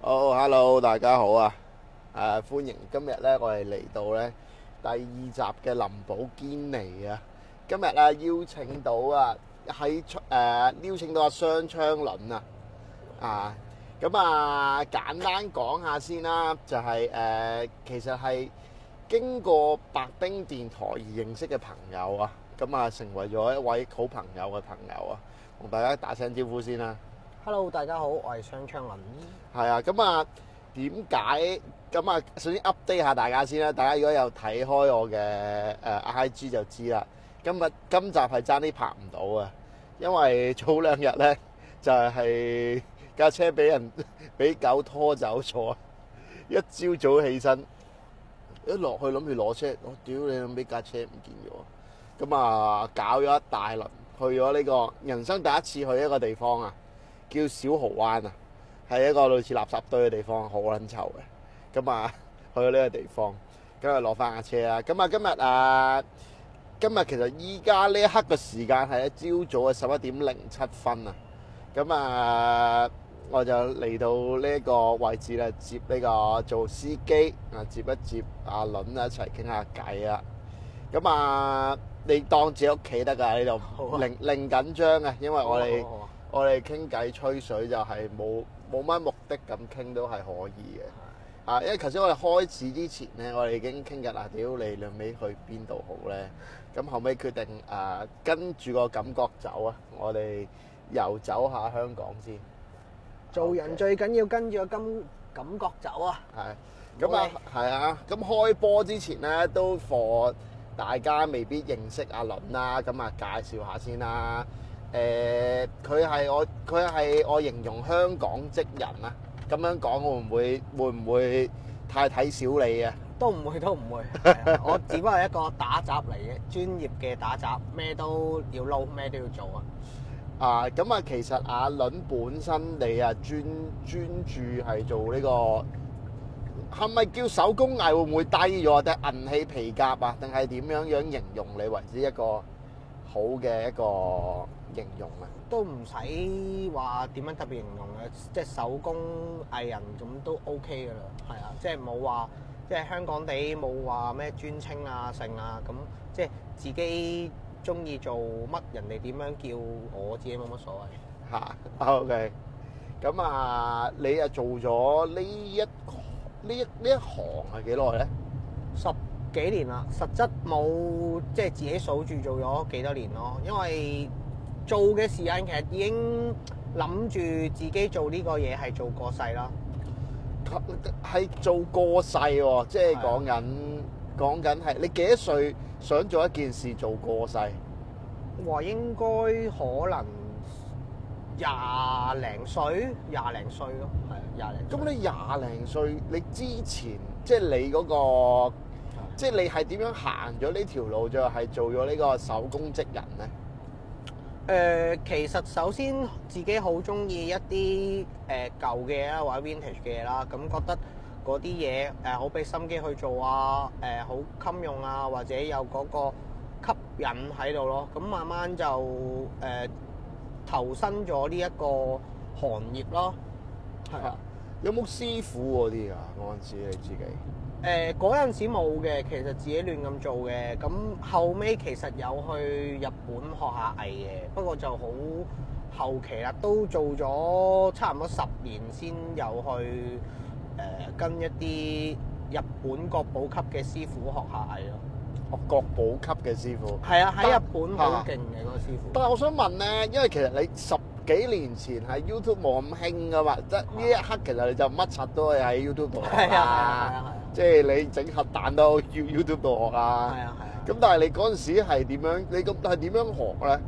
好，hello，大家好啊！誒，歡迎今日咧，我係嚟到咧第二集嘅林寶堅尼啊！今日咧邀請到啊喺，誒，邀請到阿雙槍倫啊，啊，咁啊簡單講下先啦，就係誒其實係經過白兵電台而認識嘅朋友啊，咁啊成為咗一位好朋友嘅朋友啊，同大家打聲招呼先啦。Hello，大家好，我係雙槍倫。係啊，咁啊，點解咁啊？首先 update 下大家先啦。大家如果有睇開我嘅誒、呃、I G 就知啦。今日今集係爭啲拍唔到啊，因為早兩日咧就係、是、架車俾人俾狗拖走咗。一朝早起身一落去諗住攞車，我屌你，諗起架車唔見咗，咁啊搞咗一大輪，去咗呢、這個人生第一次去一個地方啊！叫小濠灣啊，係一個類似垃圾堆嘅地方，好撚臭嘅。咁啊，去到呢個地方，咁啊攞翻架車啦。咁啊，今日啊，今日其實依家呢一刻嘅時間係喺朝早嘅十一點零七分啊。咁啊，我就嚟到呢個位置啦，接呢個做司機啊，接一接阿倫啊，一齊傾下偈啊。咁啊，你當自己屋企得噶呢度，令令緊張啊，因為我哋。我哋傾偈吹水就係冇冇乜目的咁傾都係可以嘅。啊的，因為頭先我哋開始之前咧，我哋已經傾緊啊，屌你兩尾去邊度好咧？咁後尾決定啊、呃，跟住個，Okay 個感覺走啊！我哋遊走下香港先。做人最緊要跟住個感感覺走啊！係 Okay.，咁啊係啊，咁開波之前咧都貨，大家未必認識阿林啦，咁啊介紹下先啦。誒，佢係、呃、我佢係我形容香港職人啊，咁樣講會唔會會唔會太睇小你啊？都唔會，都唔會。 我只不過係一個打雜嚟嘅，專業嘅打雜，咩都要撈，咩都要做啊。啊，咁啊，其實阿倫本身你啊專專注係做呢、這個，係咪叫手工藝會唔會低咗？定銀器皮革啊？定係點樣樣形容你為之一個好嘅一個？形容啊，都唔使話點樣特別形容啊，啊。即係手工藝人咁都 O K 㗎啦。係啊，即係冇話即係香港地冇話咩專稱啊、姓啊咁，即係自己中意做乜人哋點樣叫我，我自己冇乜所謂吓 O K。咁啊， okay, 你啊做咗呢一呢一呢一行係幾耐咧？呢十幾年啦，實質冇即係自己數住做咗幾多年咯，因為。做嘅時間其實已經諗住自己做呢個嘢係做過世啦。係，啊，做過世喎，即係講緊講緊係你幾多歲想做一件事做過世？話應該可能廿零歲，廿零歲咯。係廿零。咁你廿零歲，你之前即係你嗰個，係。即係你係點樣行咗呢條路，就係做咗呢個手工職人咧？誒、呃，其實首先自己好中意一啲誒、呃、舊嘅嘢或者 vintage 嘅嘢啦，咁覺得嗰啲嘢誒好俾心機去做啊，誒好襟用啊，或者有嗰個吸引喺度咯，咁慢慢就誒、呃、投身咗呢一個行業咯。係啊的，有冇師傅嗰啲啊？嗰陣時你自己。誒，嗰陣時冇嘅，其實自己亂咁做嘅。咁後尾其實有去日本學下藝嘅，不過就好後期啦，都做咗差唔多十年先有去誒、呃、跟一啲日本國寶級嘅師傅學下藝咯。哦，國寶級嘅師傅，係啊，喺日本好勁嘅嗰個師傅。但係我想問咧，因為其實你十幾年前喺 YouTube 冇咁興噶嘛，即係呢一刻其實你就乜柒都係喺 YouTube 度。係啊，係啊，係啊。即係你整核彈都要 YouTube 度學啊！係啊係啊！咁但係你嗰陣時係點樣？你咁係點樣學咧？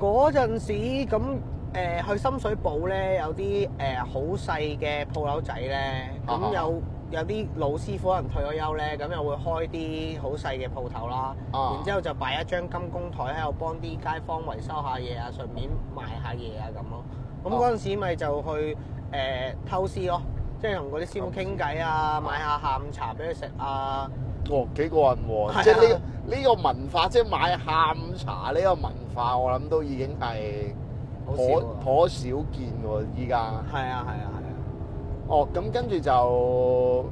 嗰陣時咁誒、呃、去深水埗咧，有啲誒好細嘅鋪頭仔咧，咁、呃、有、啊、有啲老師傅可能退咗休咧，咁又會開啲好細嘅鋪頭啦。啊、然之後就擺一張金工枱喺度，幫啲街坊維修下嘢啊，順便賣下嘢啊咁咯。咁嗰陣時咪就去誒偷師咯。即係同嗰啲師傅傾偈啊，嗯、買下下午茶俾佢食啊。哦，幾過癮喎！即係呢呢個文化，即、就、係、是、買下午茶呢個文化，我諗都已經係好少，好少見喎依家。係啊，係啊，係啊。哦，咁跟住就，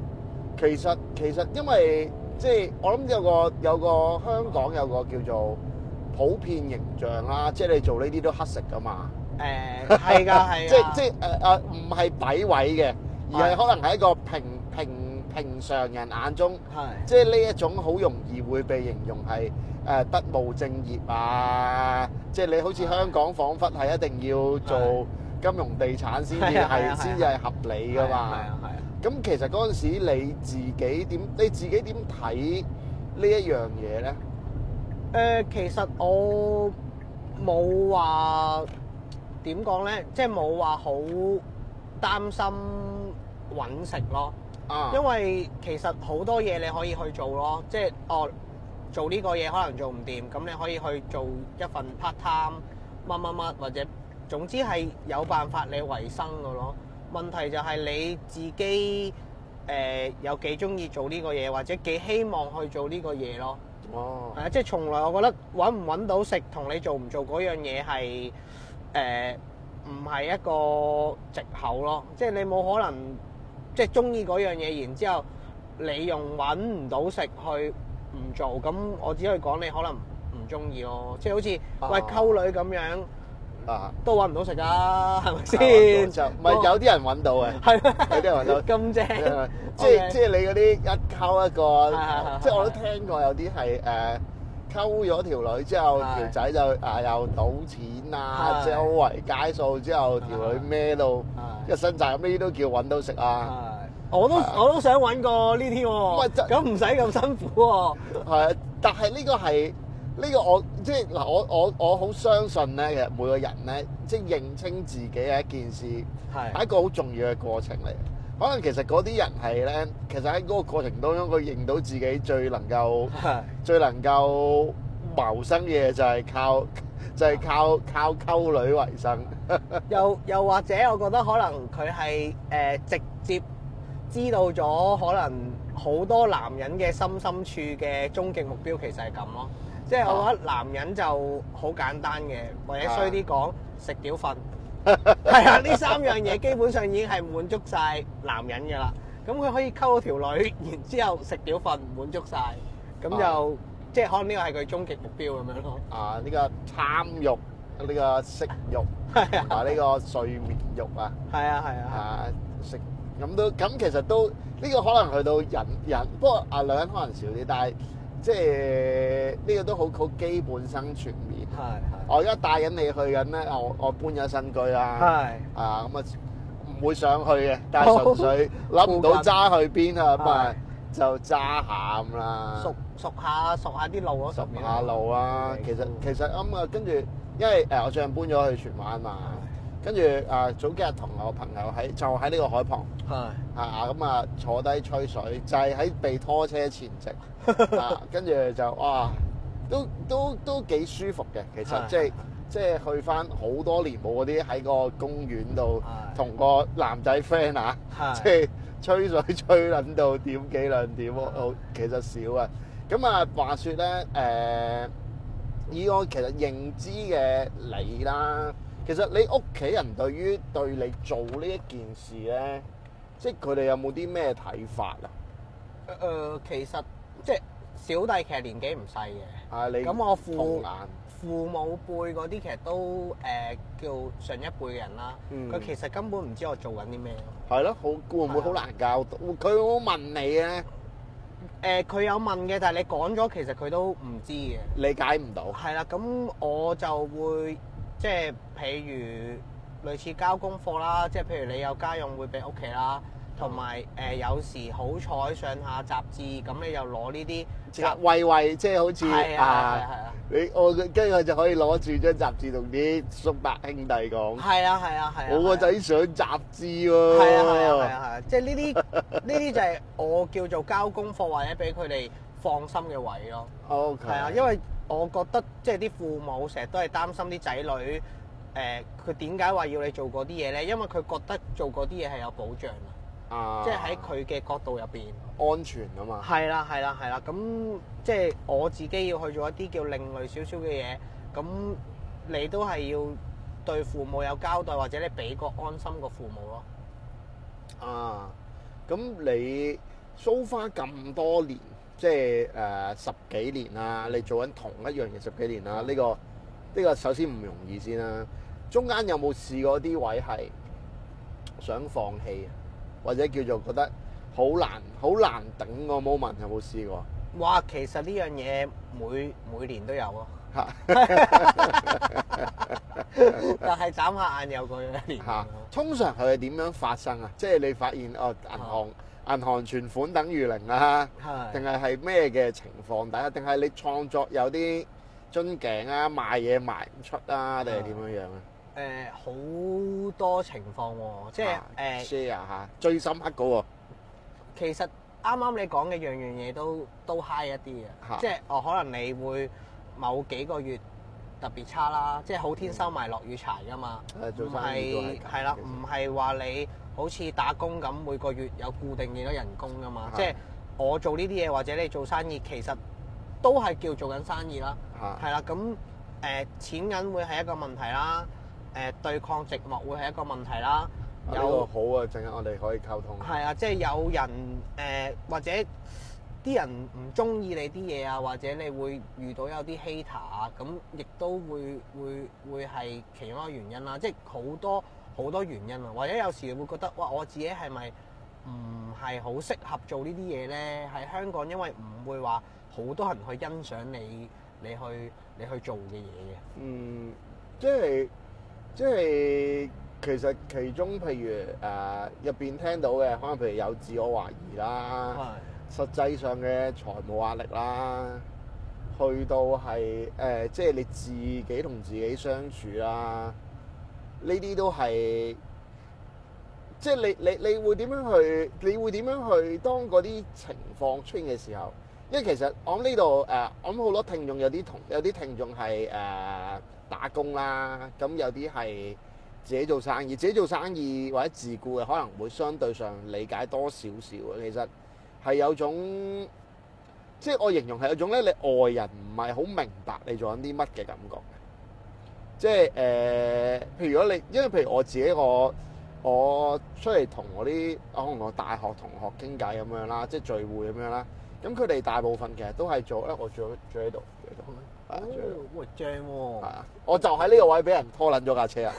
其實其實因為即係、就是、我諗有個有個香港有個叫做普遍形象啦，即係你做呢啲都乞食噶嘛。誒、呃，係噶，係。即即誒誒，唔係詆毀嘅。而係可能喺一個平平平常人眼中，的即係呢一種好容易會被形容係誒不務正業啊！即係你好似香港，仿佛係一定要做金融地產先至係先至係合理㗎嘛？咁其實嗰陣時你自己點你自己點睇呢一樣嘢咧？誒、呃，其實我冇話點講咧，即係冇話好擔心。揾食咯，因為其實好多嘢你可以去做咯，即係哦做呢個嘢可能做唔掂，咁你可以去做一份 part time 乜乜乜，或者總之係有辦法你維生嘅咯。問題就係你自己誒、呃、有幾中意做呢個嘢，或者幾希望去做呢個嘢咯。哦，係啊，即係從來我覺得揾唔揾到食同你做唔做嗰樣嘢係誒唔係一個藉口咯，即係你冇可能。即係中意嗰樣嘢，然之後你用揾唔到食去唔做，咁我只可以講你可能唔中意咯。即係好似喂溝女咁樣，啊都揾唔到食㗎，係咪先？就咪有啲人揾到嘅、哦，有啲人揾到咁正，即係即係你嗰啲一溝一個，即係我都聽過有啲係誒。呃溝咗條女之後，的條仔就啊又賭錢啊，的周圍街數之後，的條女孭到的一身債，咩都叫揾到食啊！我都的我都想揾個呢啲咁唔使咁辛苦喎、啊。係，但係呢個係呢、呢個我即係嗱，我我我好相信咧，其實每個人咧即係認清自己係一件事係的一個好重要嘅過程嚟。可能其實嗰啲人係咧，其實喺嗰個過程當中，佢認到自己最能夠、的最能夠謀生嘅嘢就係、是、靠，就係、是、靠，的靠，靠靠溝女為生。 又又或者，我覺得可能佢係誒直接知道咗，可能好多男人嘅心深處嘅終極目標其實係咁咯。即係我覺得男人就好簡單嘅，或者衰啲講食屌、瞓。係啊，呢三樣嘢基本上已經係滿足晒男人㗎喇。咁佢可以溝到條女，然之後食咗瞓滿足晒，咁就、啊、即係可能呢個係佢終極目標咁樣咯。啊，呢個貪欲，呢個食欲， 啊呢個睡眠欲 啊，係啊係啊，啊食咁都咁其實都呢個可能去到人人，不過啊女人可能少啲，但係。即係呢、這個都好好基本生存面。係係是是。我而家帶緊你去緊咧，我我搬咗新居啦。係。是是 啊，咁啊唔會想去嘅，但係純粹諗唔到揸 附近 去邊啊，咁係是是 就揸下咁啦。熟熟下熟下啲路啊。熟，下路，路熟下路啊，的其實其實咁啊、嗯。跟住因為誒我最近搬咗去荃灣啊，跟住啊早幾日同我朋友喺就喺呢個海旁。係的。啊咁啊坐低吹水，就係、是、喺被拖車前夕。啊，跟住就，哇，都都都幾舒服嘅。其實即係即係去翻好多年冇嗰啲喺個公園度同個男仔 friend 啊，即係吹水吹撚到點幾兩點，好其實少啊。咁啊，話說咧，誒，以我其實認知嘅你啦，其實你屋企人對於對你做呢一件事咧，即係佢哋有冇啲咩睇法？啊，誒，其實。即係小弟其實年紀唔細嘅，咁、啊、我父父母輩嗰啲其實都誒、呃、叫上一輩嘅人啦。佢、嗯、其實根本唔知我做緊啲咩。係咯、嗯，好會唔會好難教到佢？我問你啊，誒佢、呃、有問嘅，但係你講咗，其實佢都唔知嘅，理解唔到。係啦，咁我就會即係譬如類似交功課啦，即係譬如你有家用會俾屋企啦。同埋誒，有時好彩上下雜誌，咁你又攞呢啲雜喂喂，即係好似啊，係啊，係啊，係啊，你我跟佢就可以攞住張雜誌同啲叔伯兄弟講，係啊係啊係啊，我個仔上雜誌喎，係啊係啊係啊，即係呢啲呢啲就係我叫做交功課或者俾佢哋放心嘅位咯。O K，係啊，因為我覺得即係啲父母成日都係擔心啲仔女誒，佢點解話要你做嗰啲嘢咧？因為佢覺得做嗰啲嘢係有保障。啊！即係喺佢嘅角度入邊，安全啊嘛。係啦，係啦，係啦。咁即係我自己要去做一啲叫另類少少嘅嘢，咁你都係要對父母有交代，或者你俾個安心個父母咯。啊！咁你 so far 咁多年，即係誒、呃、十幾年啦，你做緊同一樣嘢十幾年啦，呢個呢個首先唔容易先啦。中間有冇試過啲位係想放棄？或者叫做覺得好難好難頂個 moment 有冇試過？哇！其實呢樣嘢每每年都有啊。嚇！但係眨下眼又過咗一年。嚇！通常佢係點樣發生啊？即係你發現哦，銀行銀行存款等於零啊，定係係咩嘅情況底下？定係定係你創作有啲樽頸啊，賣嘢賣唔出啊，定係點樣樣啊？誒好多情況喎，即係誒 share 吓最深刻嘅喎。其實啱啱你講嘅樣樣嘢都都 high 一啲嘅，即係哦，可能你會某幾個月特別差啦，即係好天收埋落雨柴㗎嘛，唔係係啦，唔係話你好似打工咁每個月有固定幾多人工㗎嘛。即係我做呢啲嘢或者你做生意，其實都係叫做緊生意啦。係啦，咁誒錢銀會係一個問題啦。誒對抗植物會係一個問題啦，啊、有啊、這個、好啊，陣間我哋可以溝通。係啊，即係有人誒、呃，或者啲人唔中意你啲嘢啊，或者你會遇到有啲 hater 啊，咁亦都會會會係其中一個原因啦。即係好多好多原因啊，或者有時會覺得哇，我自己係咪唔係好適合做呢啲嘢咧？喺香港，因為唔會話好多人去欣賞你，你去你去，你去做嘅嘢嘅。嗯，即係。即係其實其中譬如誒入邊聽到嘅，可能譬如有自我懷疑啦，係。實際上嘅財務壓力啦，去到係誒、呃、即係你自己同自己相處啦，呢啲都係即係你你你會點樣去？你會點樣去當嗰啲情況出現嘅時候？因為其實我呢度誒，我諗好多聽眾有啲同有啲聽眾係誒。呃打工啦，咁有啲係自己做生意，自己做生意或者自雇嘅，可能會相對上理解多少少啊。其實係有種，即係我形容係有種咧，你外人唔係好明白你做緊啲乜嘅感覺嘅。即係誒，譬如如果你，因為譬如我自己，我我出嚟同我啲可能我大學同學傾偈咁樣啦，即係聚會咁樣啦，咁佢哋大部分其實都係做咧，我住住喺度。哦，喎正喎！係啊，我就喺呢個位俾人拖撚咗架車啊！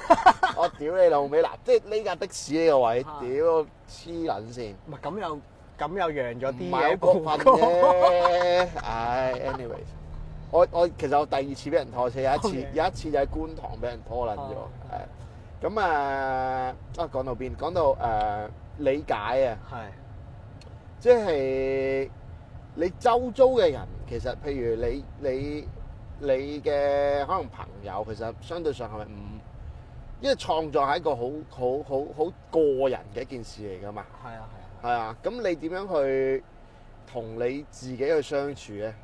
我屌你老味嗱，即係呢架的士呢個位，屌黐撚線。唔係咁又咁又贏咗啲。唔係一個品啫。唉，anyways，我我其實我第二次俾人拖車，有一次有一次就喺觀塘俾人拖撚咗。係。咁啊，啊講到邊？講到誒理解啊。係。即係你周遭嘅人，其實譬如你你。你嘅可能朋友，其實相對上係咪唔？因為創作係一個好好好好個人嘅一件事嚟㗎嘛。係啊係啊。係啊，咁你點樣去同你自己去相處咧？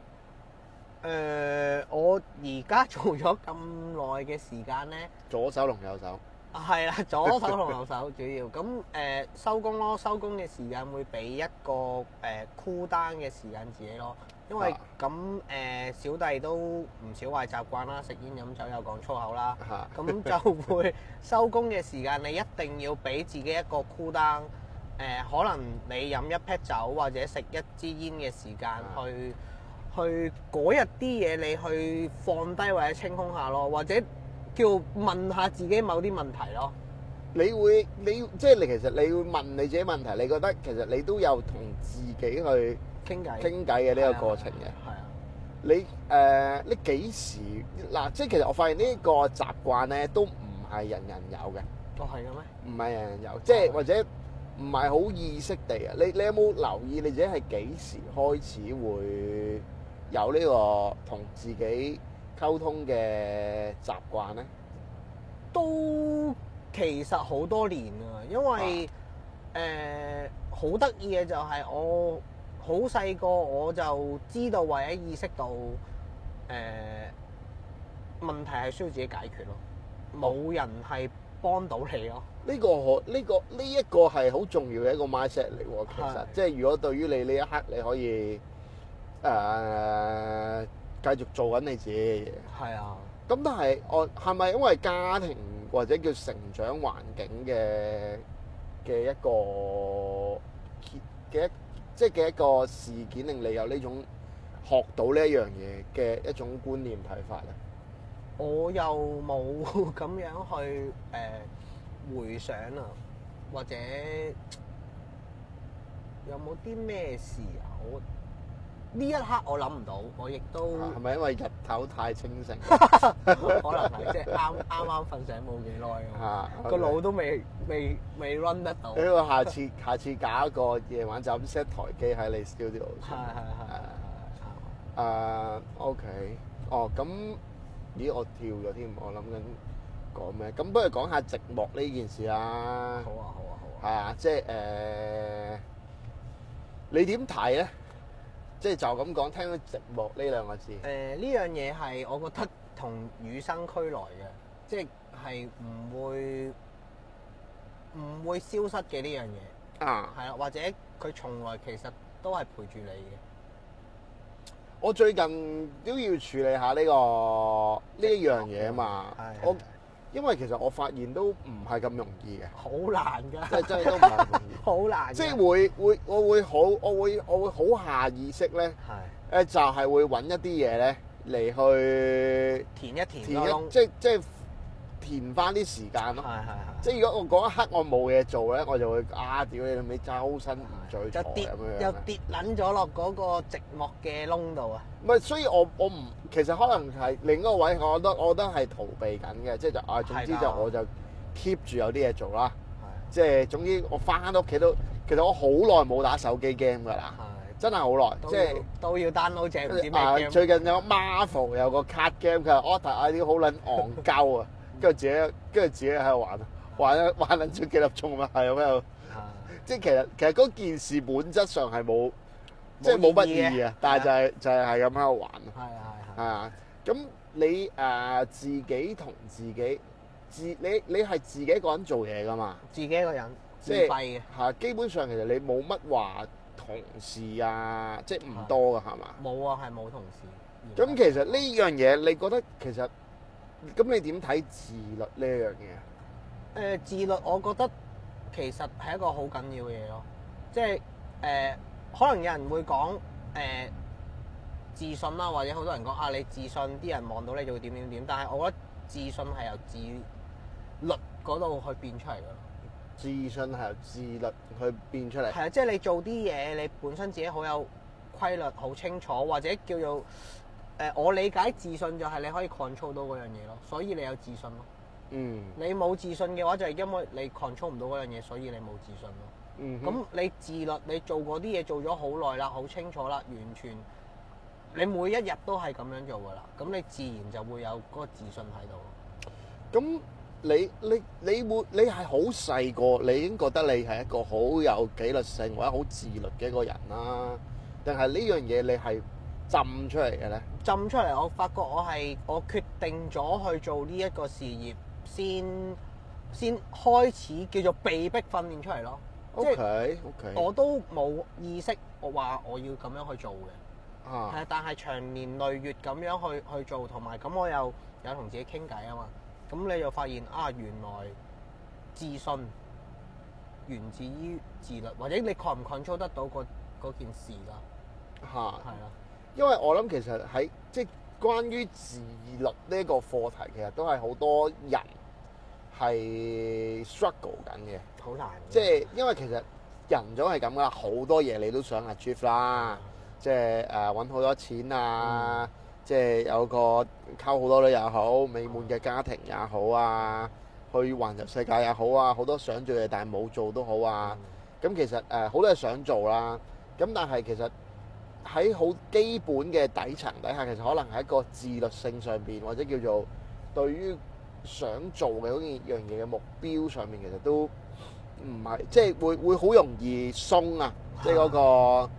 誒，我而家做咗咁耐嘅時間咧。左手同右手。係啦，左手同右手主要。咁誒收工咯，收工嘅時間會俾一個誒 cool down 嘅時間自己咯。因為咁誒，小弟都唔少壞習慣啦，食煙飲酒又講粗口啦，咁就會收工嘅時間，你一定要俾自己一個 cool down。誒，可能你飲一杯酒或者食一支煙嘅時間，去去嗰日啲嘢，你去放低或者清空下咯，或者叫問下自己某啲問題咯。你會你即係你其實你會問你自己問題，你覺得其實你都有同自己去。傾偈嘅呢個過程嘅、呃，你誒，你幾時？嗱，即係其實我發現呢個習慣咧，都唔係人人有嘅。都係嘅咩？唔係人人有，即係、哦、或者唔係好意識地啊！你你有冇留意你自己係幾時開始會有呢個同自己溝通嘅習慣咧？都其實好多年啊，因為誒好得意嘅就係我。好細個我就知道或者意識到，誒、呃、問題係需要自己解決咯，冇、嗯、人係幫到你咯。呢、這個可呢、這個呢、這個、一個係好重要嘅一個 mindset 其實，的即係如果對於你呢一刻，你可以誒、呃、繼續做緊你自己嘅嘢。係啊的，咁但係我係咪因為家庭或者叫成長環境嘅嘅一個嘅一個？即係嘅一個事件令你有呢種學到呢一樣嘢嘅一種觀念睇法咧，我又冇咁樣去誒、呃、回想啊，或者有冇啲咩事啊？呢一刻我諗唔到，我亦都係咪因為日頭太清醒？可能係即係啱啱啱瞓醒冇幾耐喎，個腦都未未未 run 得到。咁我下次下次搞一個夜晚就咁 set 台機喺你 studio。係係係係係。誒，OK，哦，咁咦我跳咗添，我諗緊講咩？咁不如講下寂寞呢件事啊！好啊好啊好啊！係啊，即係誒，你點睇咧？即係就咁講，聽到寂寞呢兩個字。誒、嗯，呢樣嘢係我覺得同與生俱來嘅，即係係唔會唔會消失嘅呢樣嘢。啊、嗯，係啦，或者佢從來其實都係陪住你嘅。我最近都要處理下呢、呢個呢一、就是、樣嘢嘛。嗯嗯嗯、我。嗯嗯嗯嗯嗯嗯嗯因為其實我發現都唔係咁容易嘅，好難㗎，即係真係都唔係咁容易，好 難的。即係會會我會好我會我會好下意識咧，誒的就係會揾一啲嘢咧嚟去填一填，即即。填翻啲時間咯，係係係，即係如果我嗰一刻我冇嘢做咧，我就會啊屌、哎、你老味，周身唔聚財咁樣又跌撚咗落嗰個寂寞嘅窿度啊！唔係，所以我我唔其實可能係另一個位，我覺得我覺得係逃避緊嘅，即係就啊，總之就我就 keep 住有啲嘢做啦。的即係總之我翻到屋企都其實我好耐冇打手機 game 㗎啦，的真係好耐，即係都、就是、都要 download 隻唔知咩 game，最近有 Marvel 有個 card game，佢話 order 啊啲好撚戇鳩啊！ 跟住自己，跟住自己喺度玩啊，玩啊玩緊咗幾粒鐘咁啊，係咁喺度。即係的其實其實嗰件事本質上係冇，即係冇乜意義啊。義的但係就係、是、的就係係咁喺度玩啊。係啊係啊。啊的！咁你誒、呃、自己同自己，自你你係自己一個人做嘢㗎嘛？自己一個人即係。嚇、就是！基本上其實你冇乜話同事啊，即係唔多㗎係嘛？冇啊的，係冇同事。咁、嗯、其實呢樣嘢，你覺得其實？咁你點睇自律呢一樣嘢？誒、呃，自律我覺得其實係一個好緊要嘅嘢咯。即係誒、呃，可能有人會講誒、呃、自信啦，或者好多人講啊，你自信啲人望到你就會點點點。但係我覺得自信係由自律嗰度去變出嚟㗎。自信係由自律去變出嚟。係啊，即係你做啲嘢，你本身自己好有規律、好清楚，或者叫做。誒，我理解自信就係你可以 control 到嗰樣嘢咯，所以你有自信咯。嗯。你冇自信嘅話，就係、是、因為你 control 唔到嗰樣嘢，所以你冇自信咯。嗯哼。咁你自律，你做嗰啲嘢做咗好耐啦，好清楚啦，完全你每一日都係咁樣做噶啦，咁你自然就會有嗰個自信喺度。咁、嗯、你你你、你會你係好細個，你已經覺得你係一個好有紀律性或者好自律嘅一個人啦，定係呢樣嘢你係？浸出嚟嘅咧，浸出嚟，我發覺我係我決定咗去做呢一個事業，先先開始叫做被逼訓練出嚟咯。OK OK，我都冇意識，我話我要咁樣去做嘅，係、啊，但係長年累月咁樣去去做，同埋咁我又有同自己傾偈啊嘛。咁你又發現啊，原來自信源自於自律，或者你 control 唔 control 得到嗰件事㗎，係啦、啊。因為我諗其實喺即係關於自律呢個課題，其實都係好多人係 struggle 緊嘅。好難。即係因為其實人總係咁噶啦，好多嘢你都想 achieve 啦，即係誒揾好多錢啊，嗯、即係有個溝好多女又好，美滿嘅家庭也好啊，去環遊世界也好啊，好 多想做嘅但係冇做都好啊。咁、嗯、其實誒好多嘢想做啦，咁但係其實。喺好基本嘅底層底下，其實可能係一個自律性上邊，或者叫做對於想做嘅嗰件樣嘢嘅目標上面，其實都唔係，即係會會好容易鬆啊！即係嗰個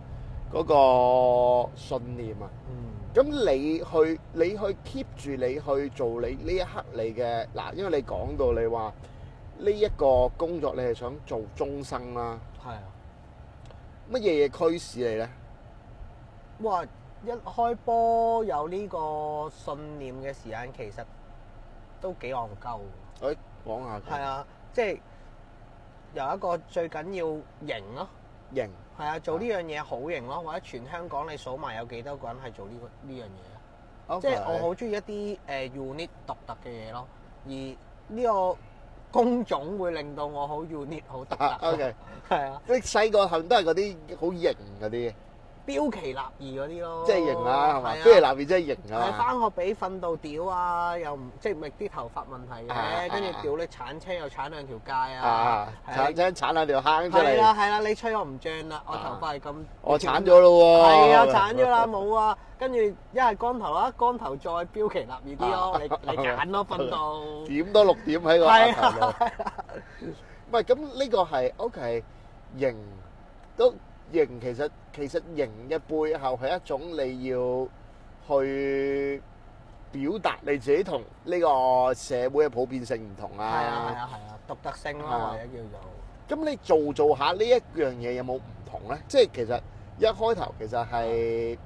嗰個信念啊。嗯。咁你去你去 keep 住你去做你呢一刻你嘅嗱，因為你講到你話呢一個工作你係想做終生啦。係啊。乜嘢嘢驅使你呢？哇！一開波有呢個信念嘅時間，其實都幾戇鳩。誒、哎，講下。係啊，即係有一個最緊要型咯。型。係啊型，做呢樣嘢好型咯。或者全香港你數埋有幾多個人係做呢個呢樣嘢啊？Okay. 即係我好中意一啲誒 unique 獨特嘅嘢咯。而呢個工種會令到我好 unique 好特別。O K。係啊。Okay. 的你細個係咪都係嗰啲好型嗰啲？標奇立異嗰啲咯，即係型啊，係嘛？標奇立異即係型啊！翻學俾訓導屌啊，又唔即係咪啲頭髮問題嘅？跟住屌你鏟車又鏟兩條街啊！鏟車鏟兩條坑出嚟。係啦係啦，你吹我唔脹啦，我頭髮係咁。我鏟咗咯喎。係啊，鏟咗啦，冇啊。跟住一係光頭啊，光頭再標奇立異啲咯，你你揀咯，訓到點多六點喺度。係啊，唔係咁呢個係 OK，型都。型其實，其實型嘅背後係一種你要去表達你自己同呢個社會嘅普遍性唔同啊。係啊，係啊，獨特性咯，或者叫做。咁、啊、你做做下、這個、有有呢一樣嘢有冇唔同咧？即、就、係、是、其實一開頭其實係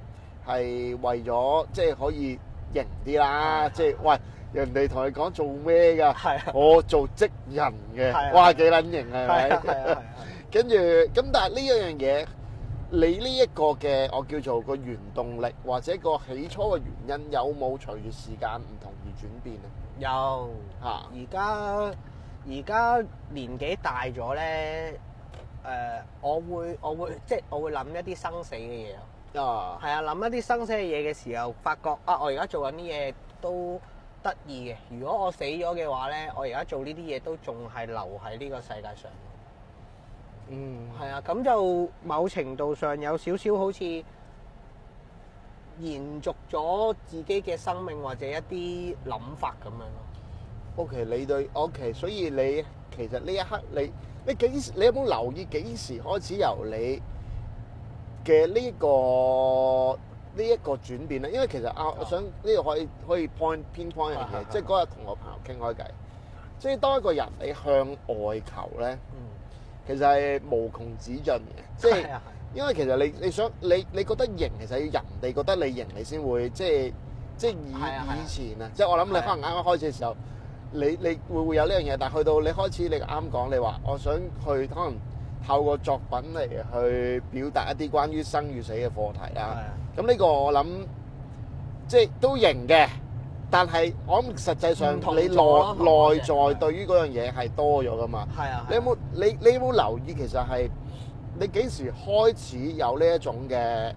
係對為咗即係可以型啲啦。即係、就是、喂，人哋同你講做咩㗎？對對對對，我做職人嘅，哇幾撚型係咪？跟住，咁但係呢一樣嘢，你呢一個嘅我叫做個原動力，或者個起初嘅原因，有冇隨住時間唔同而轉變啊？有，而家而家年紀大咗咧，誒、呃，我會我會即係我會諗一啲生死嘅嘢啊，啊，係啊，諗一啲生死嘅嘢嘅時候，發覺啊，我而家做緊啲嘢都得意嘅。如果我死咗嘅話咧，我而家做呢啲嘢都仲係留喺呢個世界上。嗯，係啊，咁就某程度上有少少好似延續咗自己嘅生命，或者一啲諗法咁樣咯。OK，你對 OK，所以你其實呢一刻你你幾時你有冇留意幾時開始由你嘅，這個這個，呢個呢一個轉變咧？因為其實啊，我想呢個，哦、可以可以 point 偏 point 一樣嘢，即係嗰日同我朋友傾開偈，嗯、即係當一個人你向外求咧。嗯其實係無窮止盡嘅，即係、啊、因為其實你你想你你覺得贏，其實要人哋覺得你贏，你先會即係即係以、啊、以前啊，即係我諗你可能啱啱開始嘅時候，你你會會有呢樣嘢，但係去到你開始你啱講，你話我想去可能透過作品嚟去表達一啲關於生與死嘅課題啦，咁呢、啊、個我諗即係都贏嘅。但係，我諗實際上你內同內在對於嗰樣嘢係多咗噶嘛？係啊。你有冇你你有冇留意其實係你幾時開始有呢一種嘅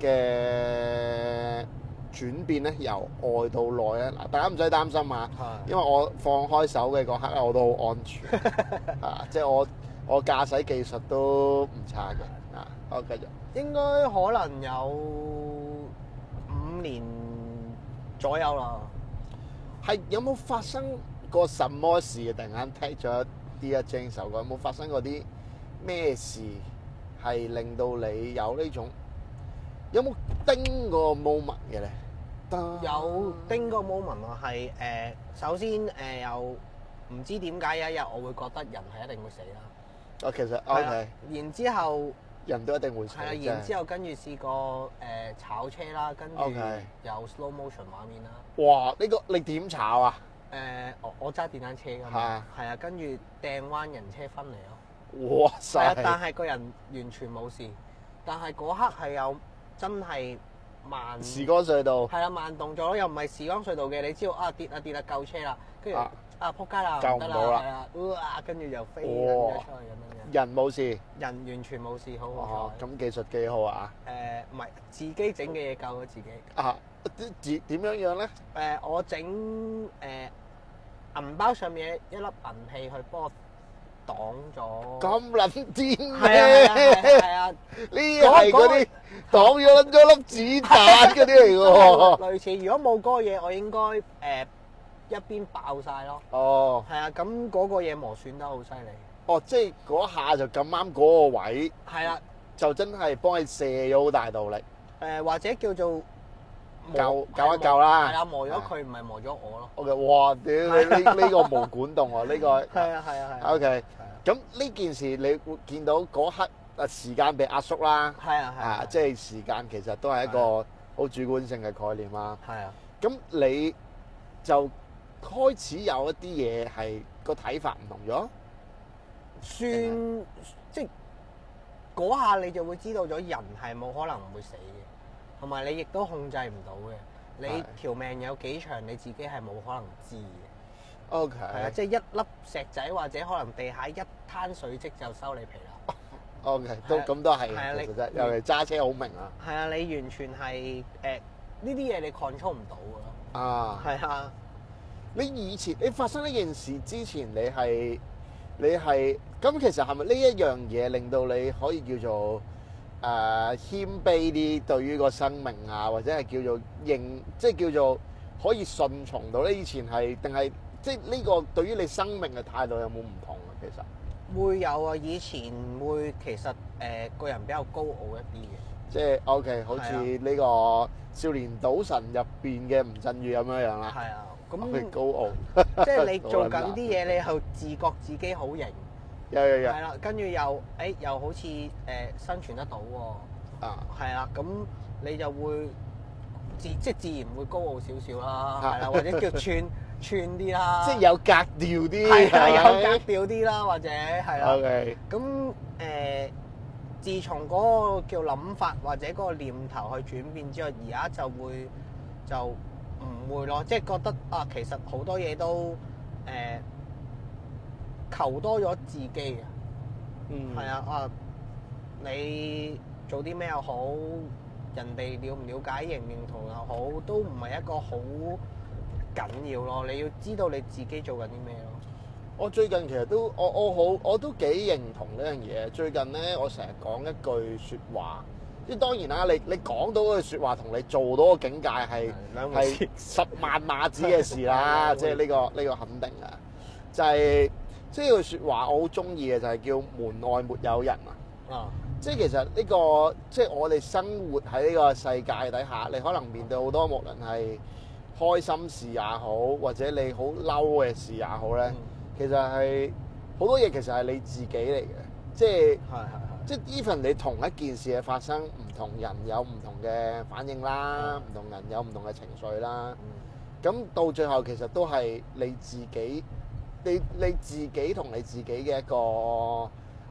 嘅轉變咧？由外到內咧？嗱，大家唔使擔心啊，因為我放開手嘅嗰刻咧，我都好安全 啊，即係我我駕駛技術都唔差嘅啊。我繼續。應該可能有五年。左右啦，係有冇發生過什麼事，突然間踢咗啲一精受，有冇發生過啲咩事係令到你有呢種？有冇叮個 moment 嘅咧？有叮個 moment 啊，係、呃、首先誒、呃、又唔知點解有一日我會覺得人係一定會死啦。哦、okay, so, okay. 啊，其實 O.K.，然之後。人都一定會死。係啊，然之後跟住試過誒炒車啦，跟住有 slow motion 畫面啦。Okay. 哇！呢個你點炒啊？誒、呃，我我揸電單車㗎嘛，係啊，跟住掟彎人車分離咯。哇！塞，但係個人完全冇事，但係嗰刻係有真係慢。時光隧道。係啊，慢動作咯，又唔係時光隧道嘅，你知道啊跌啊跌了夠啊，救車啦，跟住。啊！撲街啦，救唔到啦，跟住又飛出去，人冇事，人完全冇事，好好咁技術幾好啊！誒，唔係自己整嘅嘢救咗自己啊？啲子點樣樣咧？誒，我整誒銀包上面一粒銀器去幫我擋咗，咁撚癲嘅係啊！呢個係嗰啲擋咗咗粒子彈嗰啲嚟嘅，類似。如果冇嗰個嘢，我應該誒。一邊爆曬咯！哦，係啊，咁嗰個嘢磨損得好犀利。哦，即係嗰一下就咁啱嗰個位。係啦，就真係幫你射咗好大道力。誒，或者叫做救，救一救啦。係啊，磨咗佢唔係磨咗我咯。OK，哇！屌你呢呢個毛管洞啊！呢個係啊係啊係。OK，咁呢件事你會見到嗰刻啊時間被壓縮啦。係啊係啊，啊即係時間其實都係一個好主觀性嘅概念啦。係啊，咁你就。開始有算、嗯、一啲嘢係個睇法唔同咗，算即係嗰下你就會知道咗人係冇可能唔會死嘅，同埋你亦都控制唔到嘅。你條命有幾長你自己係冇可能知嘅。OK，係啊，即、就、係、是、一粒石仔或者可能地下一灘水漬就收你皮啦。OK，是都咁都係其實真，尤其揸車好明啊。係啊，你完全係誒呢啲嘢你 control 唔到嘅咯。啊，係啊 LE AR C 2。你以前你發生呢件事之前，你係你係咁，其實係咪呢一樣嘢令到你可以叫做誒謙卑啲，對於個生命啊，或者係叫做認即係叫做可以順從到？你以前係定係即係呢個對於你生命嘅態度有冇唔同啊？其實會有啊，以前會其實誒個人比較高傲一啲嘅，即係 O K，好似呢個《少年賭神》入邊嘅吳鎮宇咁樣樣啦，係啊。咁、啊、高傲，即係你做緊啲嘢， 到你就自覺自己好型，有有有，係啦，跟住又，誒、哎，又好似誒生存得到喎，啊，係啦，咁你就會自即係自然會高傲少少啦，係啦、啊，或者叫串串啲啦，即係有格調啲，係 有格調啲啦，或者係啦，咁誒 Okay.、呃，自從嗰個叫諗法或者嗰個念頭去轉變之後，而家就會就。唔會咯，即係覺得啊，其實好多嘢都誒、呃、求多咗自己啊，嗯，係啊啊，你做啲咩又好，人哋了唔了解認唔認同又好，都唔係一個好緊要咯。你要知道你自己做緊啲咩咯。我最近其實都我我好我都幾認同呢樣嘢。最近咧，我成日講一句説話。啲當然啦，你你講到嘅説話同你做到嘅境界係係 十萬碼子嘅事啦，即係呢個呢、呢個肯定嘅。就係即係句説話我好中意嘅，就係、係、叫門外沒有人啊！即係、嗯、其實呢、呢個即係、就係、我哋生活喺呢個世界底下，你可能面對好多，無論係開心事也好，或者你好嬲嘅事也好咧，嗯、其實係好多嘢其實係你自己嚟嘅，即係係係。嗯嗯即係 even 你同一件事嘅發生，唔同人有唔同嘅反應啦，唔、嗯、同人有唔同嘅情緒啦。咁、嗯、到最後其實都係你自己，你你自己同你自己嘅一個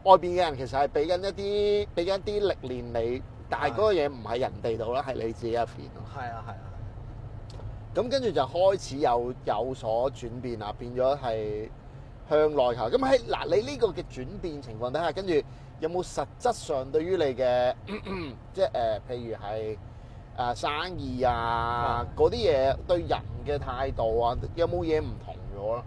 外邊嘅人，其實係俾緊一啲俾緊啲歷練你。但係嗰個嘢唔喺人哋度啦，係你自己入邊咯。係啊，係啊。咁跟住就開始有有所轉變啦，變咗係向內求。咁喺嗱，你呢個嘅轉變情況底下，跟住。有冇實質上對於你嘅，即係誒，譬如係誒生意啊，嗰啲嘢，對人嘅態度啊，有冇嘢唔同咗啦？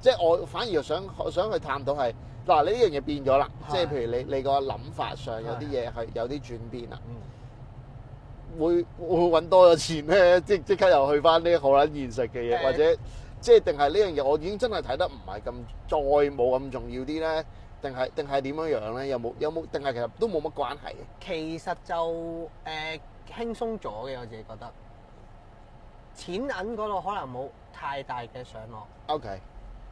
即係我反而又想想去探討係，嗱，你呢樣嘢變咗啦，即係譬如你你個諗法上有啲嘢係有啲轉變啦，會會搵多咗錢咧，即即刻又去翻啲好捻現實嘅嘢，或者即係定係呢樣嘢，我已經真係睇得唔係咁再冇咁重要啲咧？定係定係點樣樣咧？有冇有冇？定係其實都冇乜關係嘅。其實就誒輕鬆咗嘅，我自己覺得。錢銀嗰度可能冇太大嘅上落。OK。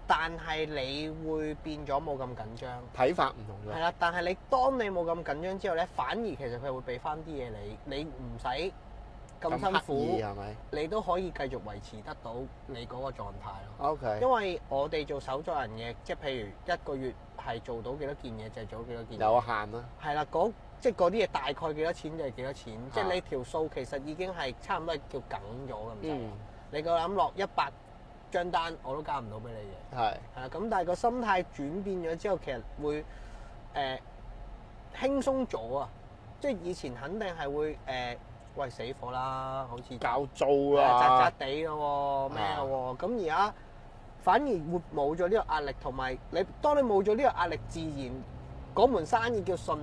但係你會變咗冇咁緊張。睇法唔同咗。係啦，但係你當你冇咁緊張之後咧，反而其實佢會俾翻啲嘢你，你唔使咁辛苦係咪？是是你都可以繼續維持得到你嗰個狀態咯。O K。因為我哋做手作人嘅，即係譬如一個月係做到幾多件嘢，就係、是、做幾多件。有限啦。係啦，嗰即係啲嘢大概幾多錢就係幾多錢，的即係你條數其實已經係差唔多係叫梗咗㗎。嗯。你個諗落一百張單，我都加唔到俾你嘅。係的。係啦，咁但係個心態轉變咗之後，其實會誒、呃、輕鬆咗啊！即係以前肯定係會誒。呃喂死火啦，好似交租啦，扎扎地咯，咩喎？咁而家反而會冇咗呢個壓力，同埋你當你冇咗呢個壓力，自然嗰門生意叫順，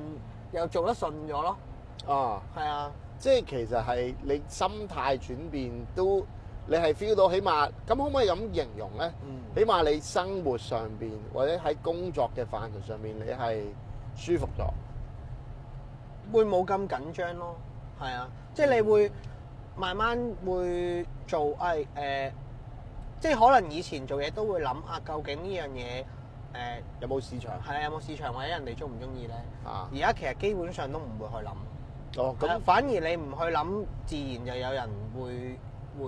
又做得順咗咯。啊，係啊，即係其實係你心態轉變都，你係 feel 到起碼，咁可唔可以咁形容咧？嗯，起碼你生活上邊或者喺工作嘅範疇上面，你係舒服咗，會冇咁緊張咯。係啊，即係你會慢慢會做，係、呃、誒，即係可能以前做嘢都會諗啊，究竟呢樣嘢誒有冇市場？係啊，有冇市場或者人哋鍾唔鍾意咧？啊！而家其實基本上都唔會去諗。哦，咁的那反而你唔去諗，自然就有人會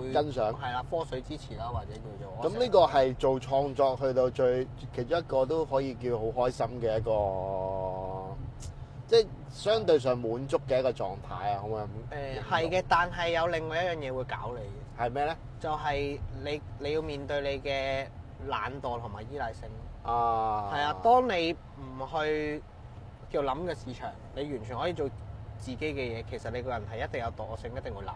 會欣賞。係啦上，科水支持啦，或者叫做咁呢個係做創作去到最其中一個都可以叫好開心嘅一個。即係相對上滿足嘅一個狀態啊，好唔好啊？誒係嘅，但係有另外一樣嘢會搞你嘅。係咩咧？就係你你要面對你嘅懶惰同埋依賴性。啊！係啊，當你唔去叫諗嘅市場，你完全可以做自己嘅嘢。其實你個人係一定有惰、惰性，一定會懶。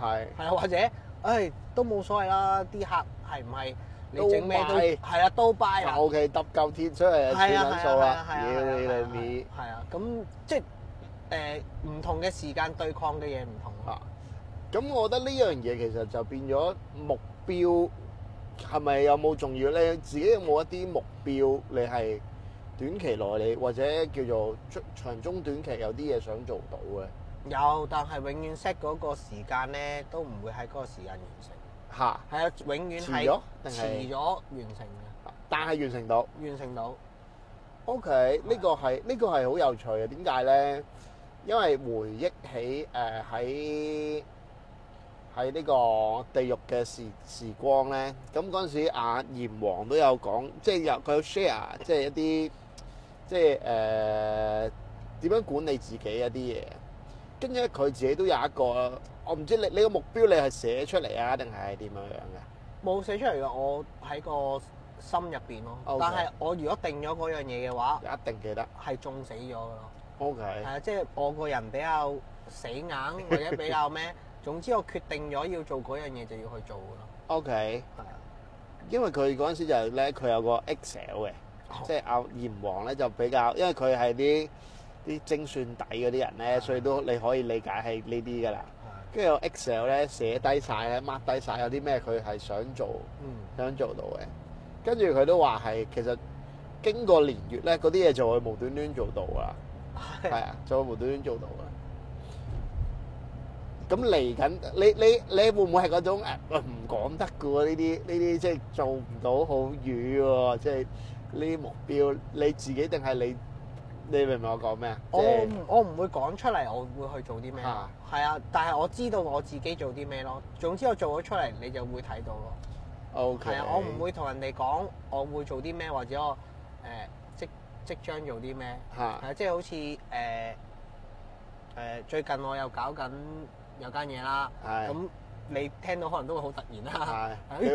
係的。係啊，或者誒、哎、都冇所謂啦！啲客係唔係？都 buy，係啊，都 buy 啊！尤其揼嚿鐵出嚟，算撚數啦，嘢嚟咪。係啊，咁即係誒唔同嘅時間對抗嘅嘢唔同吓。咁我覺得呢樣嘢其實就變咗目標係咪有冇重要咧？自己有冇一啲目標？你係短期內你或者叫做長中短期有啲嘢想做到嘅？有，但係永遠 set 嗰個時間咧，都唔會喺嗰個時間完成。嚇，係啊，永遠遲咗咯，定係遲咗完成嘅。但係完成到，完成到。O K，呢個係呢個係好有趣嘅。點解咧？因為回憶起誒喺喺呢個地獄嘅時時光咧，咁嗰陣時阿炎王都有講，即係有佢 share，即係一啲即係誒點樣管理自己一啲嘢。跟住咧，佢自己都有一個。我唔知你你個目標，你係寫出嚟啊，定係點樣樣嘅？冇寫出嚟嘅，我喺個心入邊咯。但係我如果定咗嗰樣嘢嘅話，一定記得係中死咗㗎咯。OK，係啊，即係我個人比較死硬，或者比較咩？總之我決定咗要做嗰樣嘢，就要去做嘅咯。OK，係啊，因為佢嗰陣時就係咧，佢有個 Excel 嘅，即係阿炎黃咧就比較，因為佢係啲啲精算底嗰啲人咧，所以都你可以理解係呢啲噶啦。跟住我 Excel 咧寫低曬咧，mark 低曬有啲咩佢係想做，嗯，想做到嘅。跟住佢都話係其實經過年月咧，嗰啲嘢就會無端端做到噶，係啊，就會無端端做到噶。咁嚟緊，你你你會唔會係嗰種誒唔講得嘅喎？呢啲呢啲即係做唔到好語喎，即係呢啲目標，你自己定係你？你明唔明我講咩啊？我我唔會講出嚟，我會去做啲咩？係啊，但係我知道我自己做啲咩咯。總之我做咗出嚟，你就會睇到咯。OK。係啊，我唔會同人哋講我會做啲咩，或者我誒、呃、即即將做啲咩。係啊，即係好似誒誒最近我又搞緊有間嘢啦。係啊。你聽到可能都會好突然啦，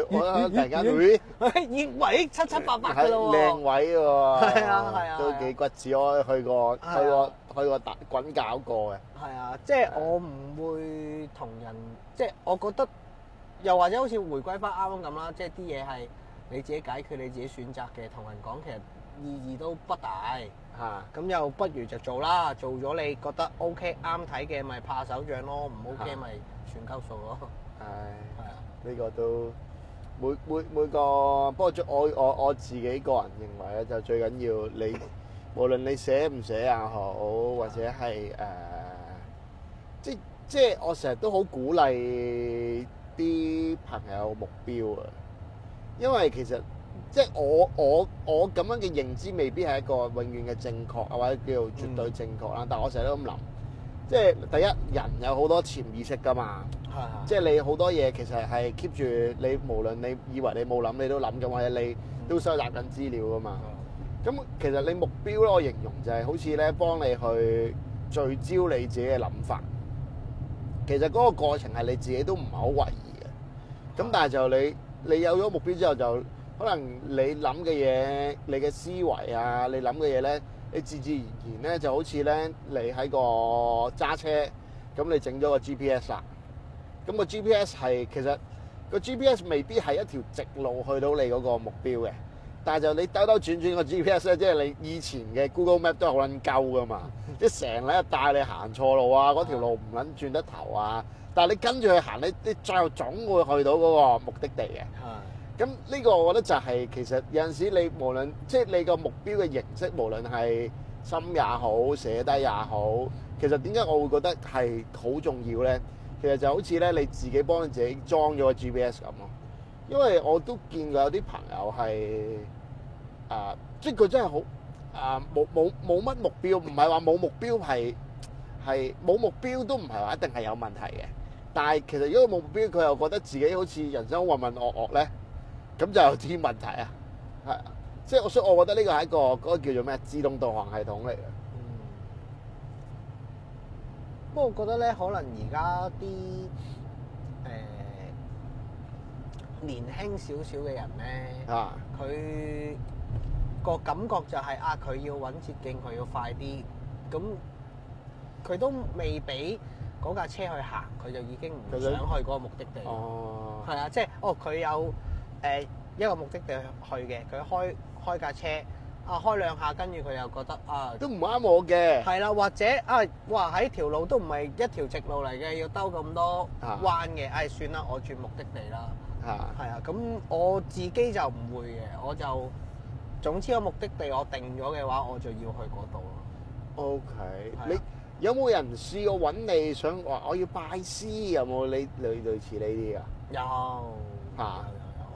我突然間，位七七八八嘅咯喎，靚位喎，都幾骨子，我去過，去過，去過大滾搞過嘅。係啊，即係我唔會同人，即係我覺得，又或者好似回歸翻啱啱咁啦，即係啲嘢係你自己解決、你自己選擇嘅，同人講其實意義都不大。嚇，咁又不如就做啦，做咗你覺得 OK 啱睇嘅，咪拍手掌咯；唔 OK 咪算鳩數咯。係，呢、這個都每每每個，不過最我我我自己個人認為咧，就最緊要你無論你寫唔寫啊好，或者係誒、呃，即即係我成日都好鼓勵啲朋友目標啊，因為其實即係我我我咁樣嘅認知未必係一個永遠嘅正確，啊或者叫做絕對正確啦。嗯、但係我成日都咁諗。即係第一，人有好多潛意識噶嘛，的即係你好多嘢其實係 keep 住你，無論你以為你冇諗，你都諗嘅，或者你都收集緊資料噶嘛。咁的其實你目標咧，我形容就係好似咧幫你去聚焦你自己嘅諗法。其實嗰個過程係你自己都唔係好懷疑嘅。咁的但係就你你有咗目標之後就，就可能你諗嘅嘢、你嘅思維啊、你諗嘅嘢咧。你自自然然咧就好似咧，你喺個揸車，咁你整咗個 GPS 啦。咁個 GPS 係其實，個 GPS 未必係一條直路去到你嗰個目標嘅，但係就你兜兜轉轉個 GPS 咧，即係你以前嘅 Google Map 都係好撚鳩噶嘛，即係成日帶你行錯路啊，嗰條路唔卵轉得頭啊。但係你跟住去行，你你最後總會去到嗰個目的地嘅。 咁呢個我覺得就係、是、其實有陣時你無論即係、就是、你個目標嘅形式，無論係深也好、寫低也好，其實點解我會覺得係好重要咧？其實就好似咧你自己幫你自己裝咗個 GPS 咁咯，因為我都見過有啲朋友係啊，即係佢真係好啊，冇冇冇乜目標，唔係話冇目標係係冇目標都唔係話一定係有問題嘅，但係其實如果目標佢又覺得自己好似人生渾渾噩噩咧。咁就有啲問題啊，係即係，我所以我，那個動動嗯、我覺得呢個係一個嗰個叫做咩自動導航系統嚟嘅。不過，我覺得咧，可能而家啲誒年輕少少嘅人咧、啊就是，啊，佢個感覺就係啊，佢要搵捷徑，佢要快啲，咁佢都未俾嗰架車去行，佢就已經唔想去嗰個目的地、啊的。哦。係啊，即係哦，佢有。誒，一個目的地去嘅，佢開開架車，啊開兩下，跟住佢又覺得啊，都唔啱我嘅。係啦，或者啊，哇喺條路都唔係一條直路嚟嘅，要兜咁多彎嘅，哎，算啦，我轉目的地啦。係啊，咁我自己就唔會嘅，我就總之個目的地我定咗嘅話，我就要去嗰度咯。OK，你有冇人試過搵你想話我要拜師？有冇你類類似呢啲㗎？有，吓。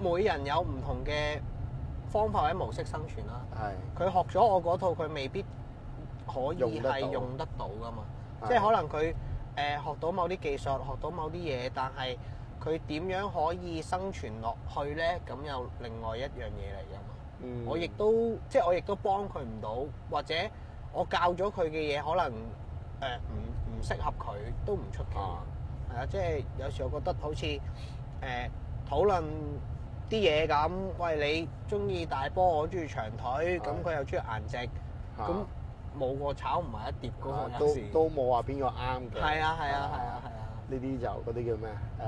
每人有唔同嘅方法或者模式生存啦。係嘅。佢學咗我嗰套，佢未必可以係用得到噶嘛。係。即係可能佢誒學到某啲技術，學到某啲嘢，但係佢點樣可以生存落去咧？咁有另外一樣嘢嚟㗎嘛。嗯。我亦都即係我亦都幫佢唔到，或者我教咗佢嘅嘢，可能誒唔唔適合佢，都唔出奇。啊。係啊，即係有時候我覺得好似誒討論。呃啲嘢咁，喂你中意大波，我中意長腿，咁佢又中意顏值，咁冇個炒唔係一碟嗰個人士，都都冇話邊個啱嘅。係啊係啊係啊係啊！呢啲就嗰啲叫咩啊？誒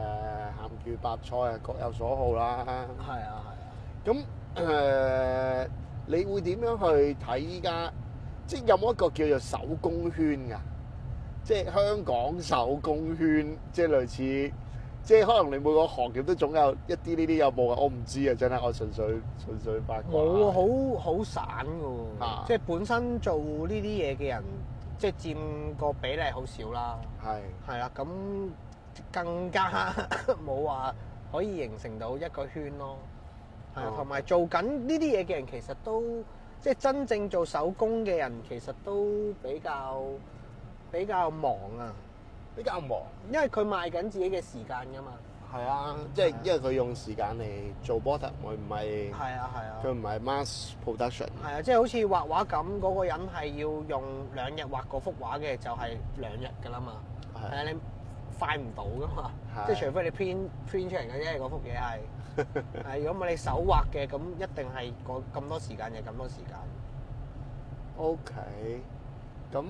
鹹魚白菜，各有所好啦。係啊係啊！咁誒，你會點樣去睇依家？即係有冇一個叫做手工圈㗎？即係香港手工圈，即係類似。即係可能你每個行業都總有一啲呢啲有冇嘅，我唔知啊！真係我純粹純粹八卦。冇，好好、嗯、是散嘅喎。啊、即係本身做呢啲嘢嘅人，即係佔個比例好少啦。係是。係啦，咁更加冇話可以形成到一個圈咯。係同埋做緊呢啲嘢嘅人，其實都、啊、即係真正做手工嘅人，其實都比較比較忙啊。比較唔忙，因為佢賣緊自己嘅時間㗎嘛。係啊，即係因為佢用時間嚟做波特，佢唔係。係啊，係啊。佢唔係 mass production。係啊，即係好似畫畫咁，嗰個人係要用兩日畫嗰幅畫嘅，就係兩日㗎啦嘛。係啊，你快唔到㗎嘛？即係除非你 print print 出嚟嘅啫，嗰幅嘢係。係，如果唔係你手畫嘅，咁一定係個咁多時間就咁多時間。OK，咁。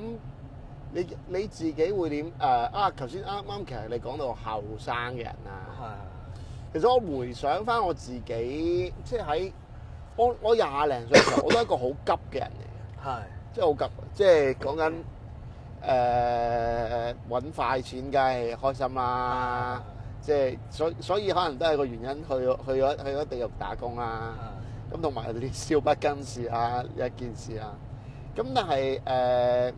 你你自己會點？誒啊！頭先啱啱其實你講到後生嘅人啊。係啊，其實我回想翻我自己，即係喺我我廿零歲時候， 我都係一個好急嘅人嚟嘅，即係好急，即係講緊誒誒揾快錢梗係開心啦、啊， 即係所以所以可能都係個原因去去咗去咗地獄打工啦、啊，咁同埋啲少不更事啊，一件事啊，咁但係誒。呃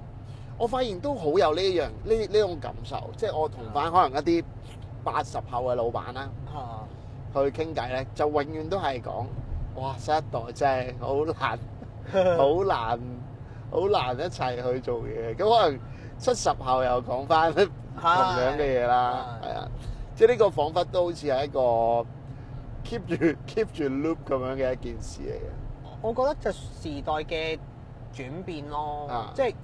我發現都好有呢樣呢呢種感受，即係我同翻可能一啲八十後嘅老闆啦，啊、去傾偈咧，就永遠都係講，哇！新一代真係好難，好 難，好難一齊去做嘢。咁可能七十後又講翻同樣嘅嘢啦，係啊，即係呢個仿佛都好似係一個 keep 住 keep 住 loop 咁樣嘅一件事嚟嘅。我覺得就時代嘅轉變咯，即係、啊。就係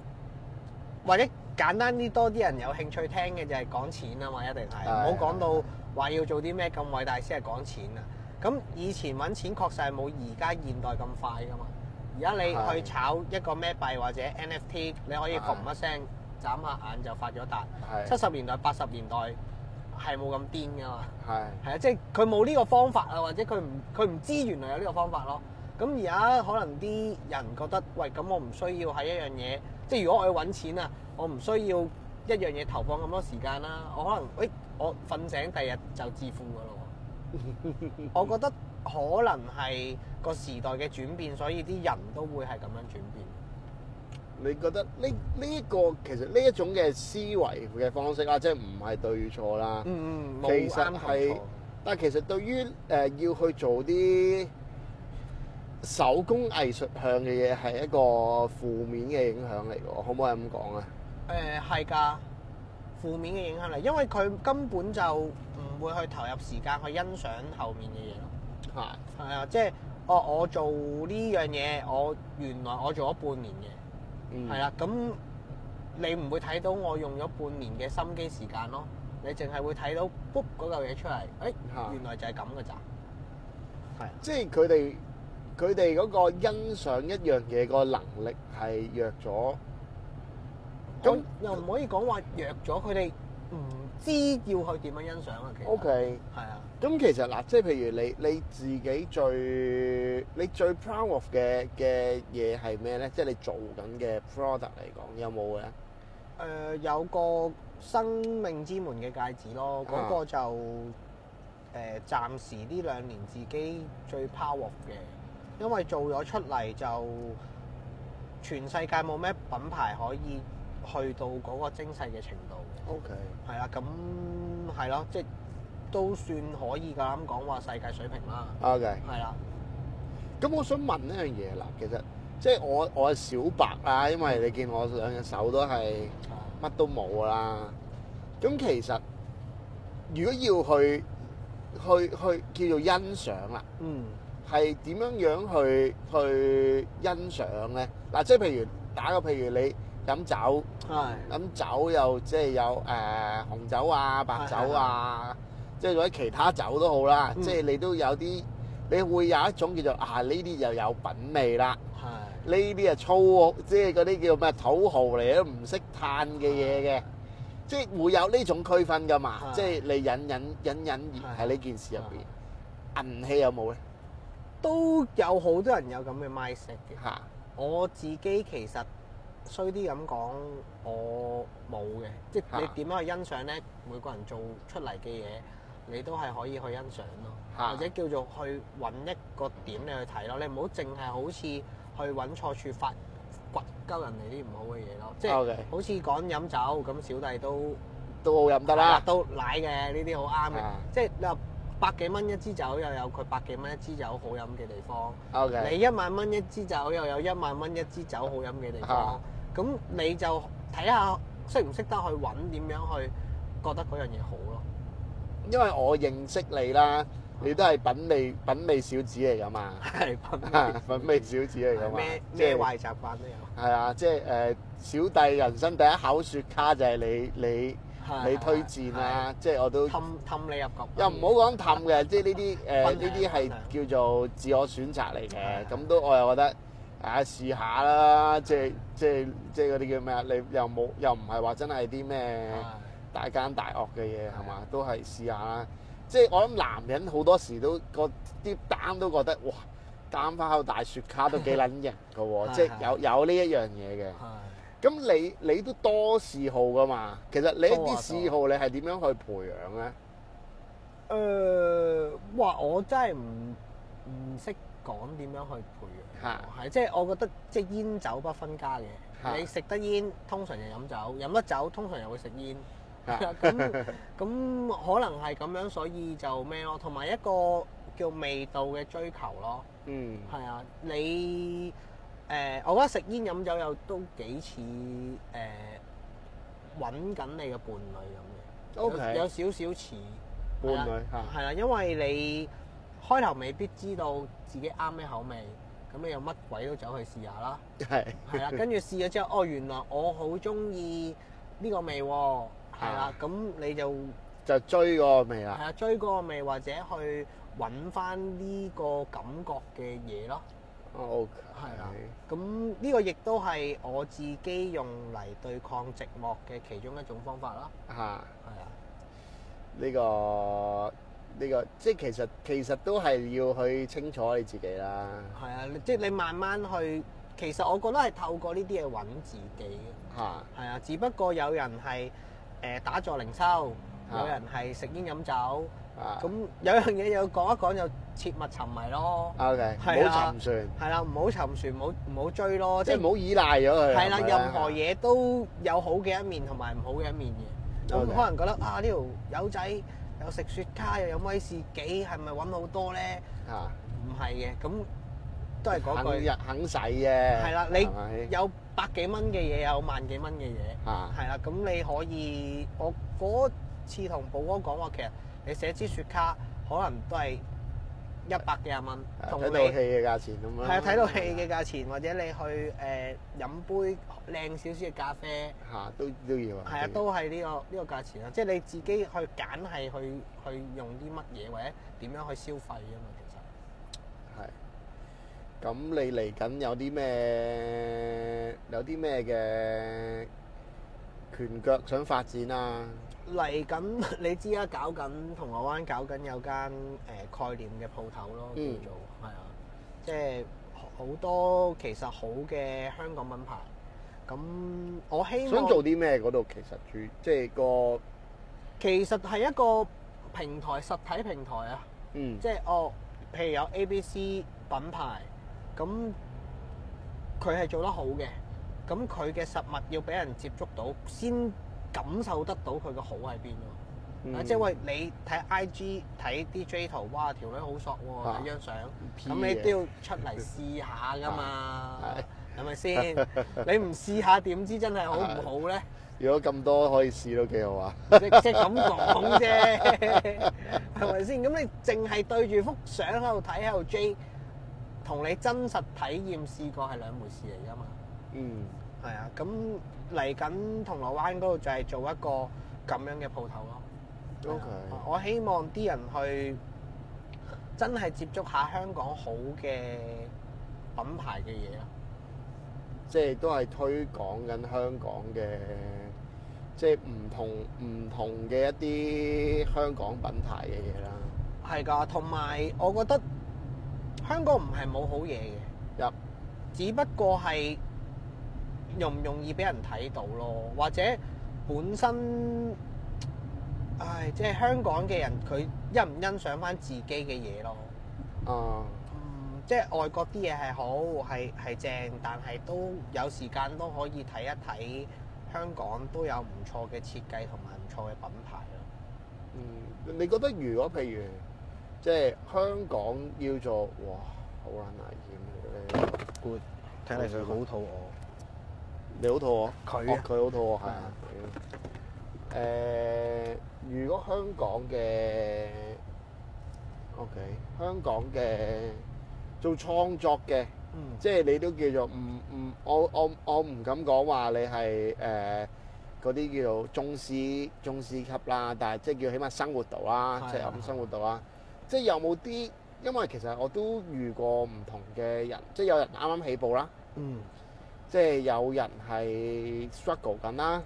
或者簡單啲，多啲人有興趣聽嘅就係講錢啊嘛，一定係，唔好講對到話要做啲咩咁偉大先係講錢啊。咁以前揾錢確實係冇而家現代咁快噶嘛。而家你去炒一個咩幣或者 NFT，你可以嘭一聲眨下眼就發咗達。七十對年代八十年代係冇咁癲噶嘛。係對。係啊，即係佢冇呢個方法啊，或者佢唔佢唔知原來有呢個方法咯。咁而家可能啲人覺得，喂，咁我唔需要喺一樣嘢，即係如果我要揾錢啊，我唔需要一樣嘢投放咁多時間啦。我可能，誒、哎，我瞓醒第日就致富噶咯。 我覺得可能係個時代嘅轉變，所以啲人都會係咁樣轉變。你覺得呢、呢個？呢一個其實呢一種嘅思維嘅方式啦，即係唔係對錯啦。嗯嗯，冇啱唔錯。但係其實對於誒、呃、要去做啲。嗯手工藝術向嘅嘢係一個負面嘅影響嚟嘅，可唔可以咁講啊？誒係㗎，負面嘅影響嚟，因為佢根本就唔會去投入時間去欣賞後面嘅嘢咯。係係啊，即係哦，我做呢樣嘢，我原來我做咗半年嘅，係啦、嗯，咁你唔會睇到我用咗半年嘅心機時間咯，你淨係會睇到 book 嗰嚿嘢出嚟，誒、哎、原來就係咁嘅咋係，即係佢哋。佢哋嗰個欣賞一樣嘢個能力係弱咗，咁又唔可以講話弱咗。佢哋唔知要去點樣欣賞啊。其實 OK，係啊。咁其實嗱，即係譬如你你自己最你最 proud of 嘅嘅嘢係咩咧？即係你做緊嘅 product 嚟講，有冇嘅？誒，有個生命之門嘅戒指咯。嗰個就誒，暫時呢兩年自己最 proud of 嘅。因為做咗出嚟就全世界冇咩品牌可以去到嗰個精細嘅程度。OK。係啦，咁係咯，即係都算可以㗎。咁講話世界水平啦。OK。係啦。咁我想問一樣嘢啦，其實即係、就是、我我係小白啦，因為你見我兩隻手都係乜都冇啦。咁其實如果要去去去，去叫做欣賞啦，嗯。係點樣樣去去欣賞咧？嗱，即係譬如打個譬如你飲酒，飲 Yes. 酒又即係有誒、呃、紅酒啊、白酒啊，Yes. 即係或者其他酒都好啦。Mm. 即係你都有啲，你會有一種叫做啊呢啲又有品味啦。係呢啲啊粗，即係嗰啲叫咩土豪嚟都唔識嘆嘅嘢嘅，即係會有呢種區分㗎嘛。即係你隱隱隱隱然喺呢件事入邊，銀器有冇咧？都有好多人有咁嘅 mindset 嘅，我自己其實衰啲咁講，我冇嘅，啊、即係你點樣去欣賞咧？每個人做出嚟嘅嘢，你都係可以去欣賞咯，啊、或者叫做去揾一個點你去睇咯。你唔好淨係好似去揾錯處發掘鳩人哋啲唔好嘅嘢咯。即係、啊 okay. 好似講飲酒咁，小弟都都好飲得啦，都奶嘅呢啲好啱嘅，即係百幾蚊一支酒又有佢百幾蚊一支酒好飲嘅地方，Okay. 你一萬蚊一支酒又有一萬蚊一支酒好飲嘅地方，咁、啊、你就睇下識唔識得去揾點樣去覺得嗰樣嘢好咯。因為我認識你啦，你都係品味、啊、品味小子嚟㗎嘛。係品味品味小子嚟㗎嘛。咩咩壞習慣都有。係、就是、啊，即係誒，小弟人生第一口雪茄就係你你。你你你你推薦啦，的即係我都。氹氹你入局。又唔好講氹嘅， 即係呢啲誒呢啲係叫做自我選擇嚟嘅，咁的都我又覺得啊，試下啦，即係即係即係嗰啲叫咩啊？你又冇又唔係話真係啲咩大奸大惡嘅嘢係嘛？都係試下啦。即係我諗男人好多時都個啲膽，都覺得哇，擔翻口大雪卡都幾撚型㗎喎，即係 有有呢一樣嘢嘅。咁你你都多嗜好噶嘛？其實你一啲嗜好你係點樣去培養咧？誒，話、呃、我真係唔唔識講點樣去培養，係即係我覺得即係、就是、煙酒不分家嘅。啊、你食得煙，通常就飲酒；飲得酒，通常又會食煙。咁咁、啊、 可能係咁樣，所以就咩咯？同埋一個叫味道嘅追求咯。嗯，係啊，你。誒、呃，我覺得食煙飲酒又都幾似誒揾緊你嘅伴侶咁嘅，有少少似伴侶吓。係啦，因為你開頭未必知道自己啱咩口味，咁你有乜鬼都走去試下啦。係的。係啦的，跟住試咗之後，哦，原來我好中意呢個味喎。係啦，咁你就就追嗰個味啦。係啊對，追嗰個味或者去揾返呢個感覺嘅嘢咯。哦 OK 係啊，咁呢、oh, okay. 個亦都係我自己用嚟對抗寂寞嘅其中一種方法啦。吓，係啊，呢的、個呢、個，即係其實其實都係要去清楚你自己啦。係啊，即係你慢慢去，其實我覺得係透過呢啲嘢揾自己嘅。吓、啊，係啊，只不過有人係誒、呃、打坐靈修，啊、有人係食煙飲酒。咁有樣嘢要講一講，又切勿沉迷咯。O K，唔好沉船，係啦，唔好沉船，唔好唔好追咯，即係唔好依賴咗佢。係啦的，的任何嘢都有好嘅一面同埋唔好嘅一面嘅。咁 Okay. 可能覺得啊，呢條友仔有食雪卡，又有威士忌，係咪揾好多咧？嚇、啊，唔係嘅，咁都係嗰句日肯使嘅。係啦，吧你有百幾蚊嘅嘢，有萬幾蚊嘅嘢，係啦、啊，咁你可以我嗰次同保安講話，其實。你寫支雪卡可能都係一百幾廿蚊，同到戲嘅價錢咁樣。係啊，睇到戲嘅價錢，或者你去誒飲杯靚少少嘅咖啡。嚇！都都要啊。係啊，都係呢個呢個價錢啦。即係你自己去揀係去去用啲乜嘢，或者點樣去消費啊嘛。其實係。咁你嚟緊有啲咩有啲咩嘅拳腳想發展啊？嚟緊，你知啦，搞緊銅鑼灣搞，搞緊有間誒概念嘅鋪頭咯，叫做、嗯，係啊，即係好多其實好嘅香港品牌。咁我希望想做啲咩嗰度？其實主即係個其實係一個平台，實體平台啊。嗯。即係哦，譬如有 A、B、C 品牌，咁佢係做得好嘅，咁佢嘅實物要俾人接觸到先。感受得到佢嘅好喺邊咯，即係喂，你睇 IG 睇啲 J 圖，哇條女好索喎，睇張相，咁你都要出嚟試下噶嘛，係咪先？你唔試下點知真係好唔好咧？如果咁多可以試都幾好啊！即即係咁講啫，係咪先？咁你淨係對住幅相喺度睇喺度 J，同你真實體驗試過係兩回事嚟噶嘛？嗯，係啊，咁。嚟緊銅鑼灣嗰度就係做一個咁樣嘅鋪頭咯。OK。嗯。我希望啲人去真係接觸下香港好嘅品牌嘅嘢啊！即係都係推廣緊香港嘅，即係唔同唔同嘅一啲香港品牌嘅嘢啦。係噶、嗯，同埋我覺得香港唔係冇好嘢嘅，Yep. 只不過係。容唔容易俾人睇到咯？或者本身，唉，即係香港嘅人佢欣唔欣賞翻自己嘅嘢咯？啊、嗯嗯，即係外國啲嘢係好，係係正，但係都有時間都可以睇一睇。香港都有唔錯嘅設計同埋唔錯嘅品牌咯。嗯，你覺得如果譬如即係香港要做，哇，難險 Good, 好撚危險嘅 good 睇嚟，佢好肚餓。你好肚餓，佢佢好肚餓，係啊。誒，如果香港嘅，OK，香港嘅做創作嘅，嗯，即係你都叫做唔唔，我我我唔敢講話你係誒嗰啲叫做宗師宗師級啦，但係即係叫起碼生活度啦，即係咁生活度啦。即係有冇啲？因為其實我都遇過唔同嘅人，即係有人啱啱起步啦，嗯。即係有人係 struggle 緊啦，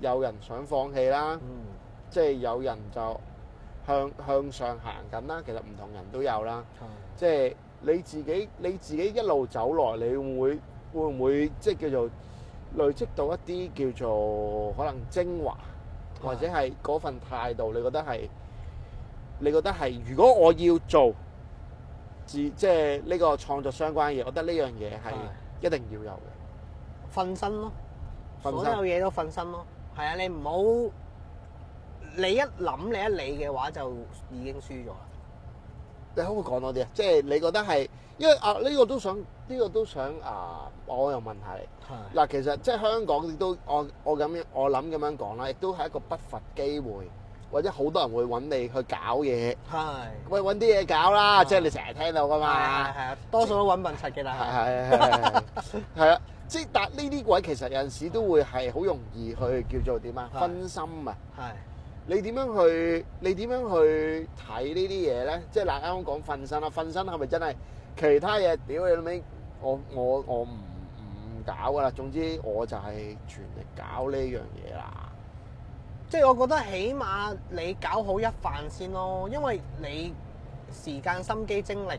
有人想放棄啦，嗯，即係有人就向向上行緊啦。其實唔同人都有啦。係。即係你自己你自己一路走來，你會唔會會唔會即係叫做累積到一啲叫做可能精華，或者係嗰份態度，你覺得係你覺得係？如果我要做自即係呢個創作相關嘅嘢，我覺得呢樣嘢係一定要有嘅。瞓身咯，所有嘢都瞓身咯，係啊，你唔好你一諗你一理嘅話就已經輸咗啦。你可唔可以講多啲啊？即係你覺得係，因為啊呢個都想呢個都想啊，我又問下你。係嗱，其實即係香港亦都我我咁樣我諗咁樣講啦，亦都係一個不乏機會，或者好多人會揾你去搞嘢。係，喂，揾啲嘢搞啦，即係你成日聽到噶嘛。係係啊，多數都揾笨柒嘅啦。係係係係，係啊。即係，但呢啲位其實有陣時都會係好容易去叫做點啊？分心啊！係你點樣去？你點樣去睇呢啲嘢咧？即係嗱，啱啱講分身啦，分身係咪真係其他嘢屌你老味？我我我唔唔搞噶啦，總之我就係全力搞呢樣嘢啦。即係我覺得起碼你搞好一份先咯，因為你時間、心機、精力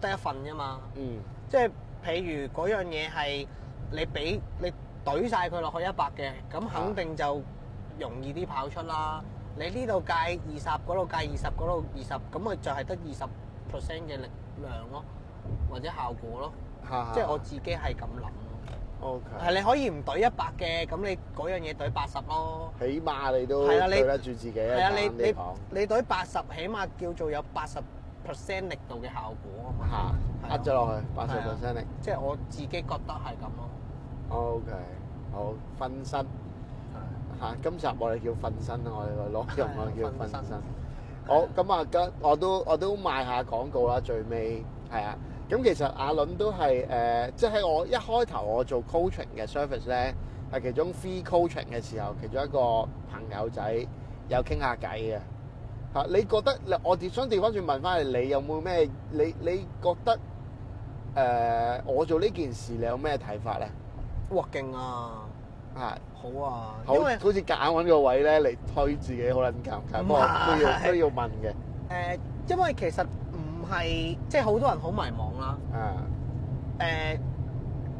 得一份啫嘛。嗯。即係譬如嗰樣嘢係。你俾你懟晒佢落去一百嘅，咁肯定就容易啲跑出啦。你呢度計二十，嗰度計二十，嗰度二十，咁啊就係得二十 percent 嘅力量咯，或者效果咯。 即係我自己係咁諗咯。OK。係你可以唔懟一百嘅，咁你嗰樣嘢懟八十咯。起碼你都懟得住自己啊！你講。係啊，你你你懟八十，起碼叫做有八十。percent 力度嘅效果吓，呃咗落去八十 percent 力，即係我自己覺得係咁咯。OK，好，瞓身吓、啊啊，今集我哋叫瞓身，啊、我哋攞叫唔叫瞓身？好，咁啊，今、啊啊啊、我都我都，我都賣下廣告啦，最尾係啊。咁其實阿倫都係誒，即、呃、係、就是、我一開頭我做 coaching 嘅 service 咧，係其中 free coaching 嘅時候，其中一個朋友仔有傾下偈嘅。你覺得我哋想調翻轉問翻係你有冇咩？你你覺得誒、呃、我做呢件事你有咩睇法咧？哇！勁啊！啊是！好啊！因為好！好似夾硬揾個位咧嚟推自己好緊急，考不過是都需要都要問嘅。誒的，因為其實唔係即係好多人好迷茫啦。誒、啊，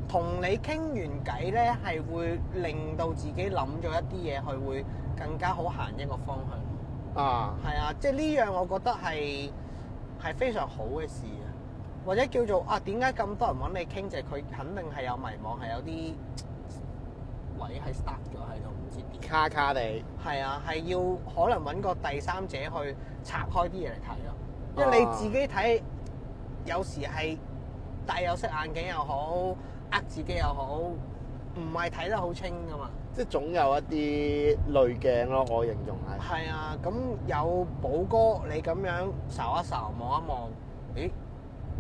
同、呃、你傾完偈咧，係會令到自己諗咗一啲嘢，佢會更加好行一個方向。啊，係啊，即係呢樣，我覺得係係非常好嘅事啊！或者叫做啊，點解咁多人揾你傾？就係佢肯定係有迷茫，係有啲位係塞咗喺度，唔知卡卡地。係啊，係要可能揾個第三者去拆開啲嘢嚟睇咯。因為你自己睇，啊、有時係戴有色眼鏡又好，呃、自己又好，唔係睇得好清噶嘛。即係總有一啲濾鏡咯，我形容係。係啊，咁有寶哥你咁樣睄一睄望一望，咦，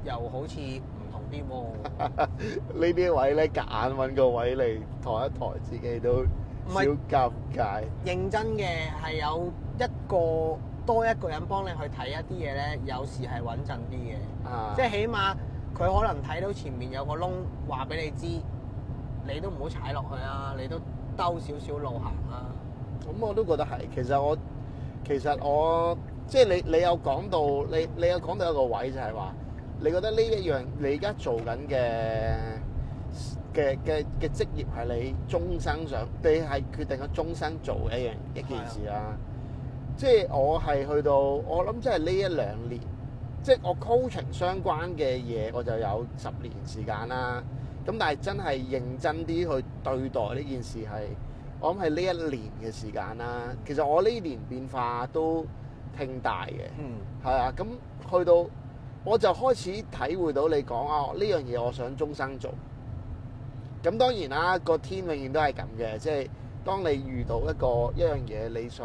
又好似唔同啲喎。 呢啲位咧，夾硬揾個位嚟抬一抬，自己都唔少尷尬。認真嘅係有一個多一個人幫你去睇一啲嘢咧，有時係穩陣啲嘅。啊！即係起碼佢可能睇到前面有個窿，話俾你知，你都唔好踩落去啊！你都～兜少少路行啦，咁我都覺得係。其實我其實我即係你，你有講到你你有講到一個位就係話，你覺得呢一樣你而家做緊嘅嘅嘅嘅職業係你終生想，你係決定咗終生做一樣一件事啦。即係我係去到我諗，即係呢一兩年，即係我 coaching 相關嘅嘢，我就有十年時間啦。咁但係真係認真啲去對待呢件事係，我諗係呢一年嘅時間啦。其實我呢年變化都挺大嘅，係啊。咁去到我就開始體會到你講啊，呢樣嘢我想終生做。咁當然啦，個天永遠都係咁嘅，即係當你遇到一個一樣嘢，你想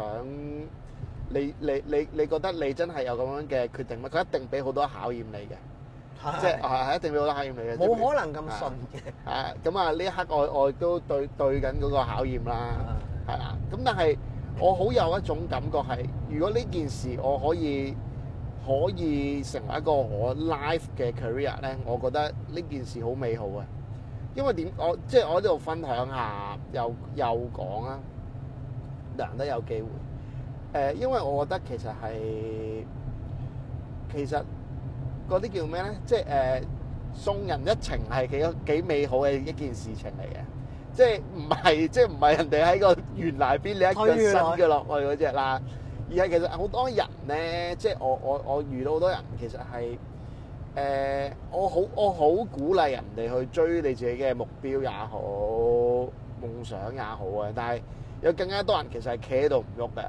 你你你你覺得你真係有咁樣嘅決定，咪，佢一定俾好多考驗你嘅。即係係係一定會有考驗嚟嘅，冇可能咁順嘅。啊咁啊！呢一刻我我都對對緊嗰個考驗啦，係啦。 咁但係我好有一種感覺係，如果呢件事我可以可以成為一個我 live 嘅 career 咧，我覺得呢件事好美好啊。因為點我即係、就是、我喺度分享下，又又講啊，難得有機會。誒、呃，因為我覺得其實係其實。嗰啲叫咩咧？即係誒、呃、送人一程係幾多美好嘅一件事情嚟嘅，即係唔係即係唔係人哋喺個原嚟邊你一個新嘅落嚟嗰隻啦，而係其實好多人咧，即係我我我遇到好多人其實係誒、呃、我好我好鼓勵人哋去追你自己嘅目標也好、夢想也好嘅，但係有更加多人其實係企喺度唔喐嘅。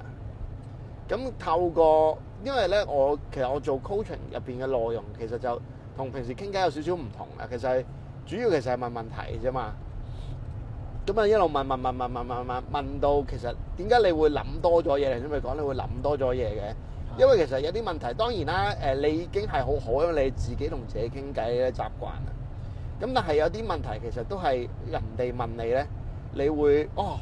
咁透過，因為咧我其實我做 coaching 入邊嘅內容，其實就同平時傾偈有少少唔同嘅。其實主要其實係問問題啫嘛。咁啊一路問問問問問問問問到其實點解你會諗多咗嘢？頭先咪講你會諗多咗嘢嘅。因為其實有啲問題，當然啦，誒你已經係好好，因為你自己同自己傾偈嘅習慣啊。咁但係有啲問題其實都係人哋問你咧，你會哦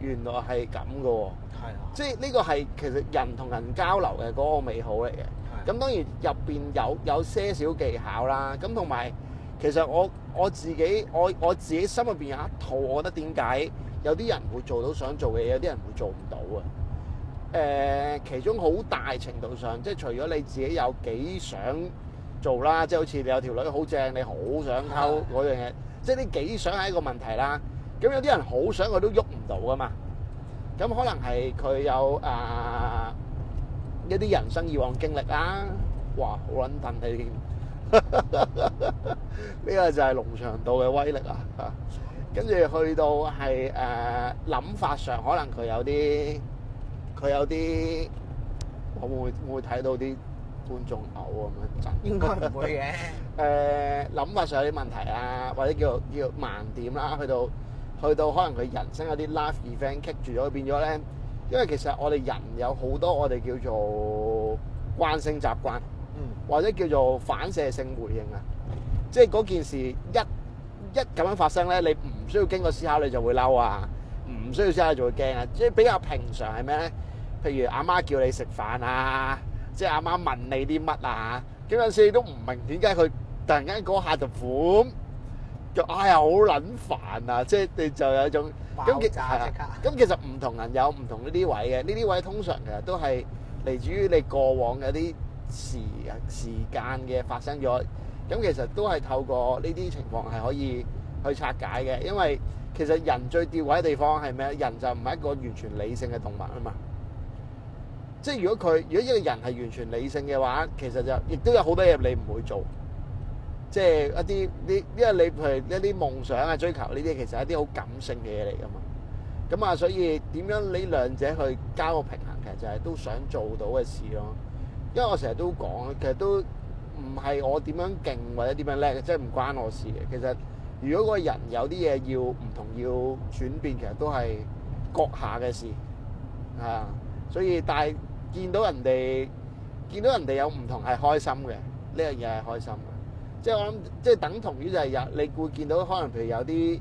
原來係咁噶喎。係，即係呢個係其實人同人交流嘅嗰個美好嚟嘅。咁當然入邊有有些少技巧啦。咁同埋其實我我自己我我自己心入邊有一套，我覺得點解有啲人會做到想做嘅嘢，有啲人會做唔到啊？誒，其中好大程度上，即係除咗你自己有幾想做啦，即係好似你有條女好正，你好想溝嗰樣嘢，即係你幾想係一個問題啦。咁有啲人好想佢都喐唔到噶嘛。咁可能係佢有誒一啲人生以往經歷啦，哇好撚燉你，呢個就係龍翔道嘅威力啊！跟住去到係誒諗法上，可能佢有啲佢有啲，會唔會會唔會睇到啲觀眾嘔啊咁樣？應該唔會嘅。誒諗法上有啲問題啊，或者叫叫盲點啦，去到。去到可能佢人生有啲 life event 棘住咗，變咗咧，因為其實我哋人有好多我哋叫做慣性習慣，嗯、或者叫做反射性回應啊。即係嗰件事一一咁樣發生咧，你唔需要經過思考你就會嬲啊，唔需要思考你就會驚啊。即係比較平常係咩咧？譬如阿媽叫你食飯啊，即係阿媽問你啲乜啊，嗰陣時你都唔明點解佢突然間嗰下就噉。就哎呀好撚煩啊！即係你就有一種咁嘅係啊！咁其實唔同人有唔同呢啲位嘅，呢啲位通常其實都係嚟自於你過往嗰啲時時間嘅發生咗。咁其實都係透過呢啲情況係可以去拆解嘅，因為其實人最跌位嘅地方係咩？人就唔係一個完全理性嘅動物啊嘛！即係如果佢如果一個人係完全理性嘅話，其實就亦都有好多嘢你唔會做。即係一啲啲，因為你譬如一啲夢想啊、追求呢啲，其實係一啲好感性嘅嘢嚟㗎嘛。咁啊，所以點樣你兩者去交個平衡，其實就係都想做到嘅事咯。因為我成日都講，其實都唔係我點樣勁或者點樣叻嘅，即係唔關我事嘅。其實如果個人有啲嘢要唔同，要轉變，其實都係閣下嘅事係啊。所以但係見到人哋見到人哋有唔同係開心嘅，呢樣嘢係開心。即係我諗，即係等同於就係、係、有你會見到，可能譬如有啲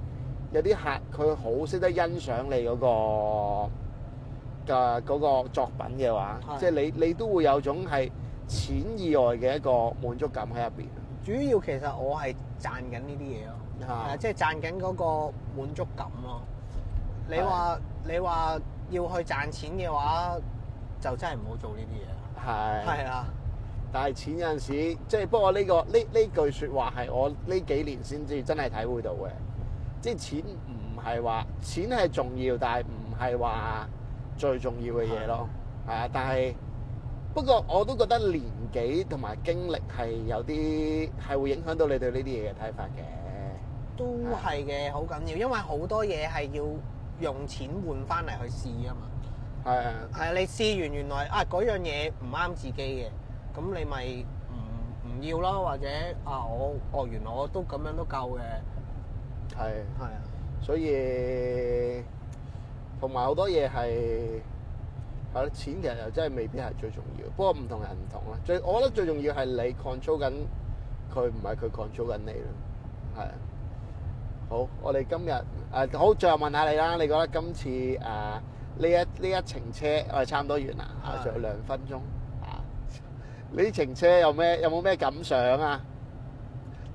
有啲客佢好識得欣賞你嗰個嘅嗰個作品嘅話，係。即係你你都會有種係錢以外嘅一個滿足感喺入邊。主要其實我係賺緊呢啲嘢咯，即係係賺緊嗰個滿足感咯係。你話你話要去賺錢嘅話，就真係唔好做呢啲嘢。係係啊。但係錢有陣時，即係不過呢個呢呢句説話係我呢幾年先至真係體會到嘅，即係錢唔係話錢係重要，但係唔係話最重要嘅嘢咯，係啊。但係不過我都覺得年紀同埋經歷係有啲係會影響到你對呢啲嘢嘅睇法嘅，都係嘅，好緊要，因為好多嘢係要用錢換翻嚟去試啊嘛，係啊，係啊，你試完原來啊嗰樣嘢唔啱自己嘅。咁你咪唔唔要咯，或者啊，我哦，原來我都咁樣都夠嘅。係，係啊。所以同埋好多嘢係係咯，錢其實又真係未必係最重要。不過唔同人唔同啦。最我覺得最重要係你 control 緊，佢唔係佢 control 緊你咯。係啊。好，我哋今日誒、呃、好，最後問下你啦。你覺得今次誒呢、呃、一呢一程車我哋、呃、差唔多完啦，仲有兩分鐘。呢程車有咩？有冇咩感想啊？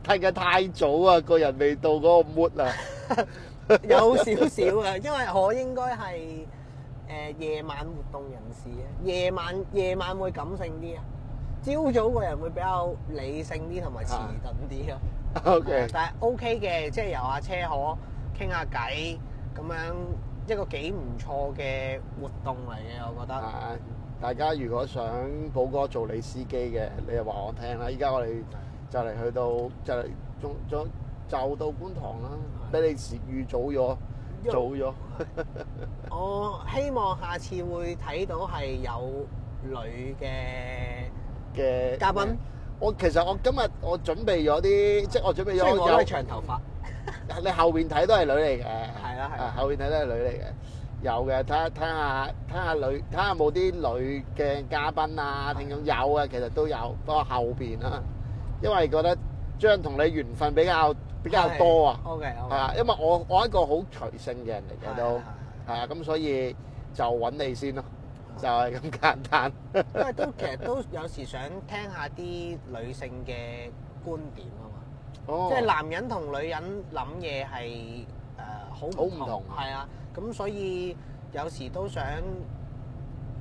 睇緊太早啊，個人未到嗰個 mood 啊。 有少少啊，因為我應該係誒、呃、夜晚活動人士啊。夜晚夜晚會感性啲啊，朝早個人會比較理性啲同埋遲鈍啲咯。啊、o、okay. K，但係 O K 嘅，即係遊下車河，傾下偈，咁樣一個幾唔錯嘅活動嚟嘅，我覺得。啊大家如果想寶哥做你司機嘅，你就話我聽啦！依家我哋就嚟去到，就嚟仲仲就到觀塘啦，比你時預早咗，早咗。我希望下次會睇到係有女嘅嘅嘉賓。我其實我今日我準備咗啲，的即係我準備咗長頭髮。 你後面睇都係女嚟嘅，係啦，係啊，後面睇都係女嚟嘅。有嘅，睇下聽下聽下女，睇下冇啲女嘅嘉賓啊，聽眾有啊，其實都有，不過後邊啦，啊，因為覺得將同你緣分比較比較多啊，係、okay, okay, 啊，因為我我一個好隨性嘅人嚟嘅都係啊，咁所以就揾你先咯，的就係咁簡單。因為都其實都有時想聽下啲女性嘅觀點啊嘛，哦、即係男人同女人諗嘢係。誒，好唔同係啊，咁所以有時都想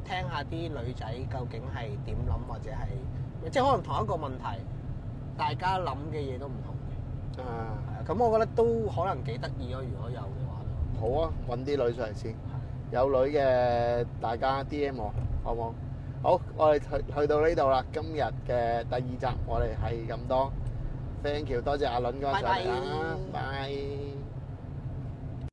聽下啲女仔究竟係點諗，或者係即係可能同一個問題，大家諗嘅嘢都唔同嘅。啊，咁我覺得都可能幾得意咯。如果有嘅話，好啊，搵啲女上嚟先，的有女嘅大家 D.M 我好唔好？好，我哋去去到呢度啦。今日嘅第二集我哋係咁多 thank you，多謝阿倫哥上嚟啦，拜 bye。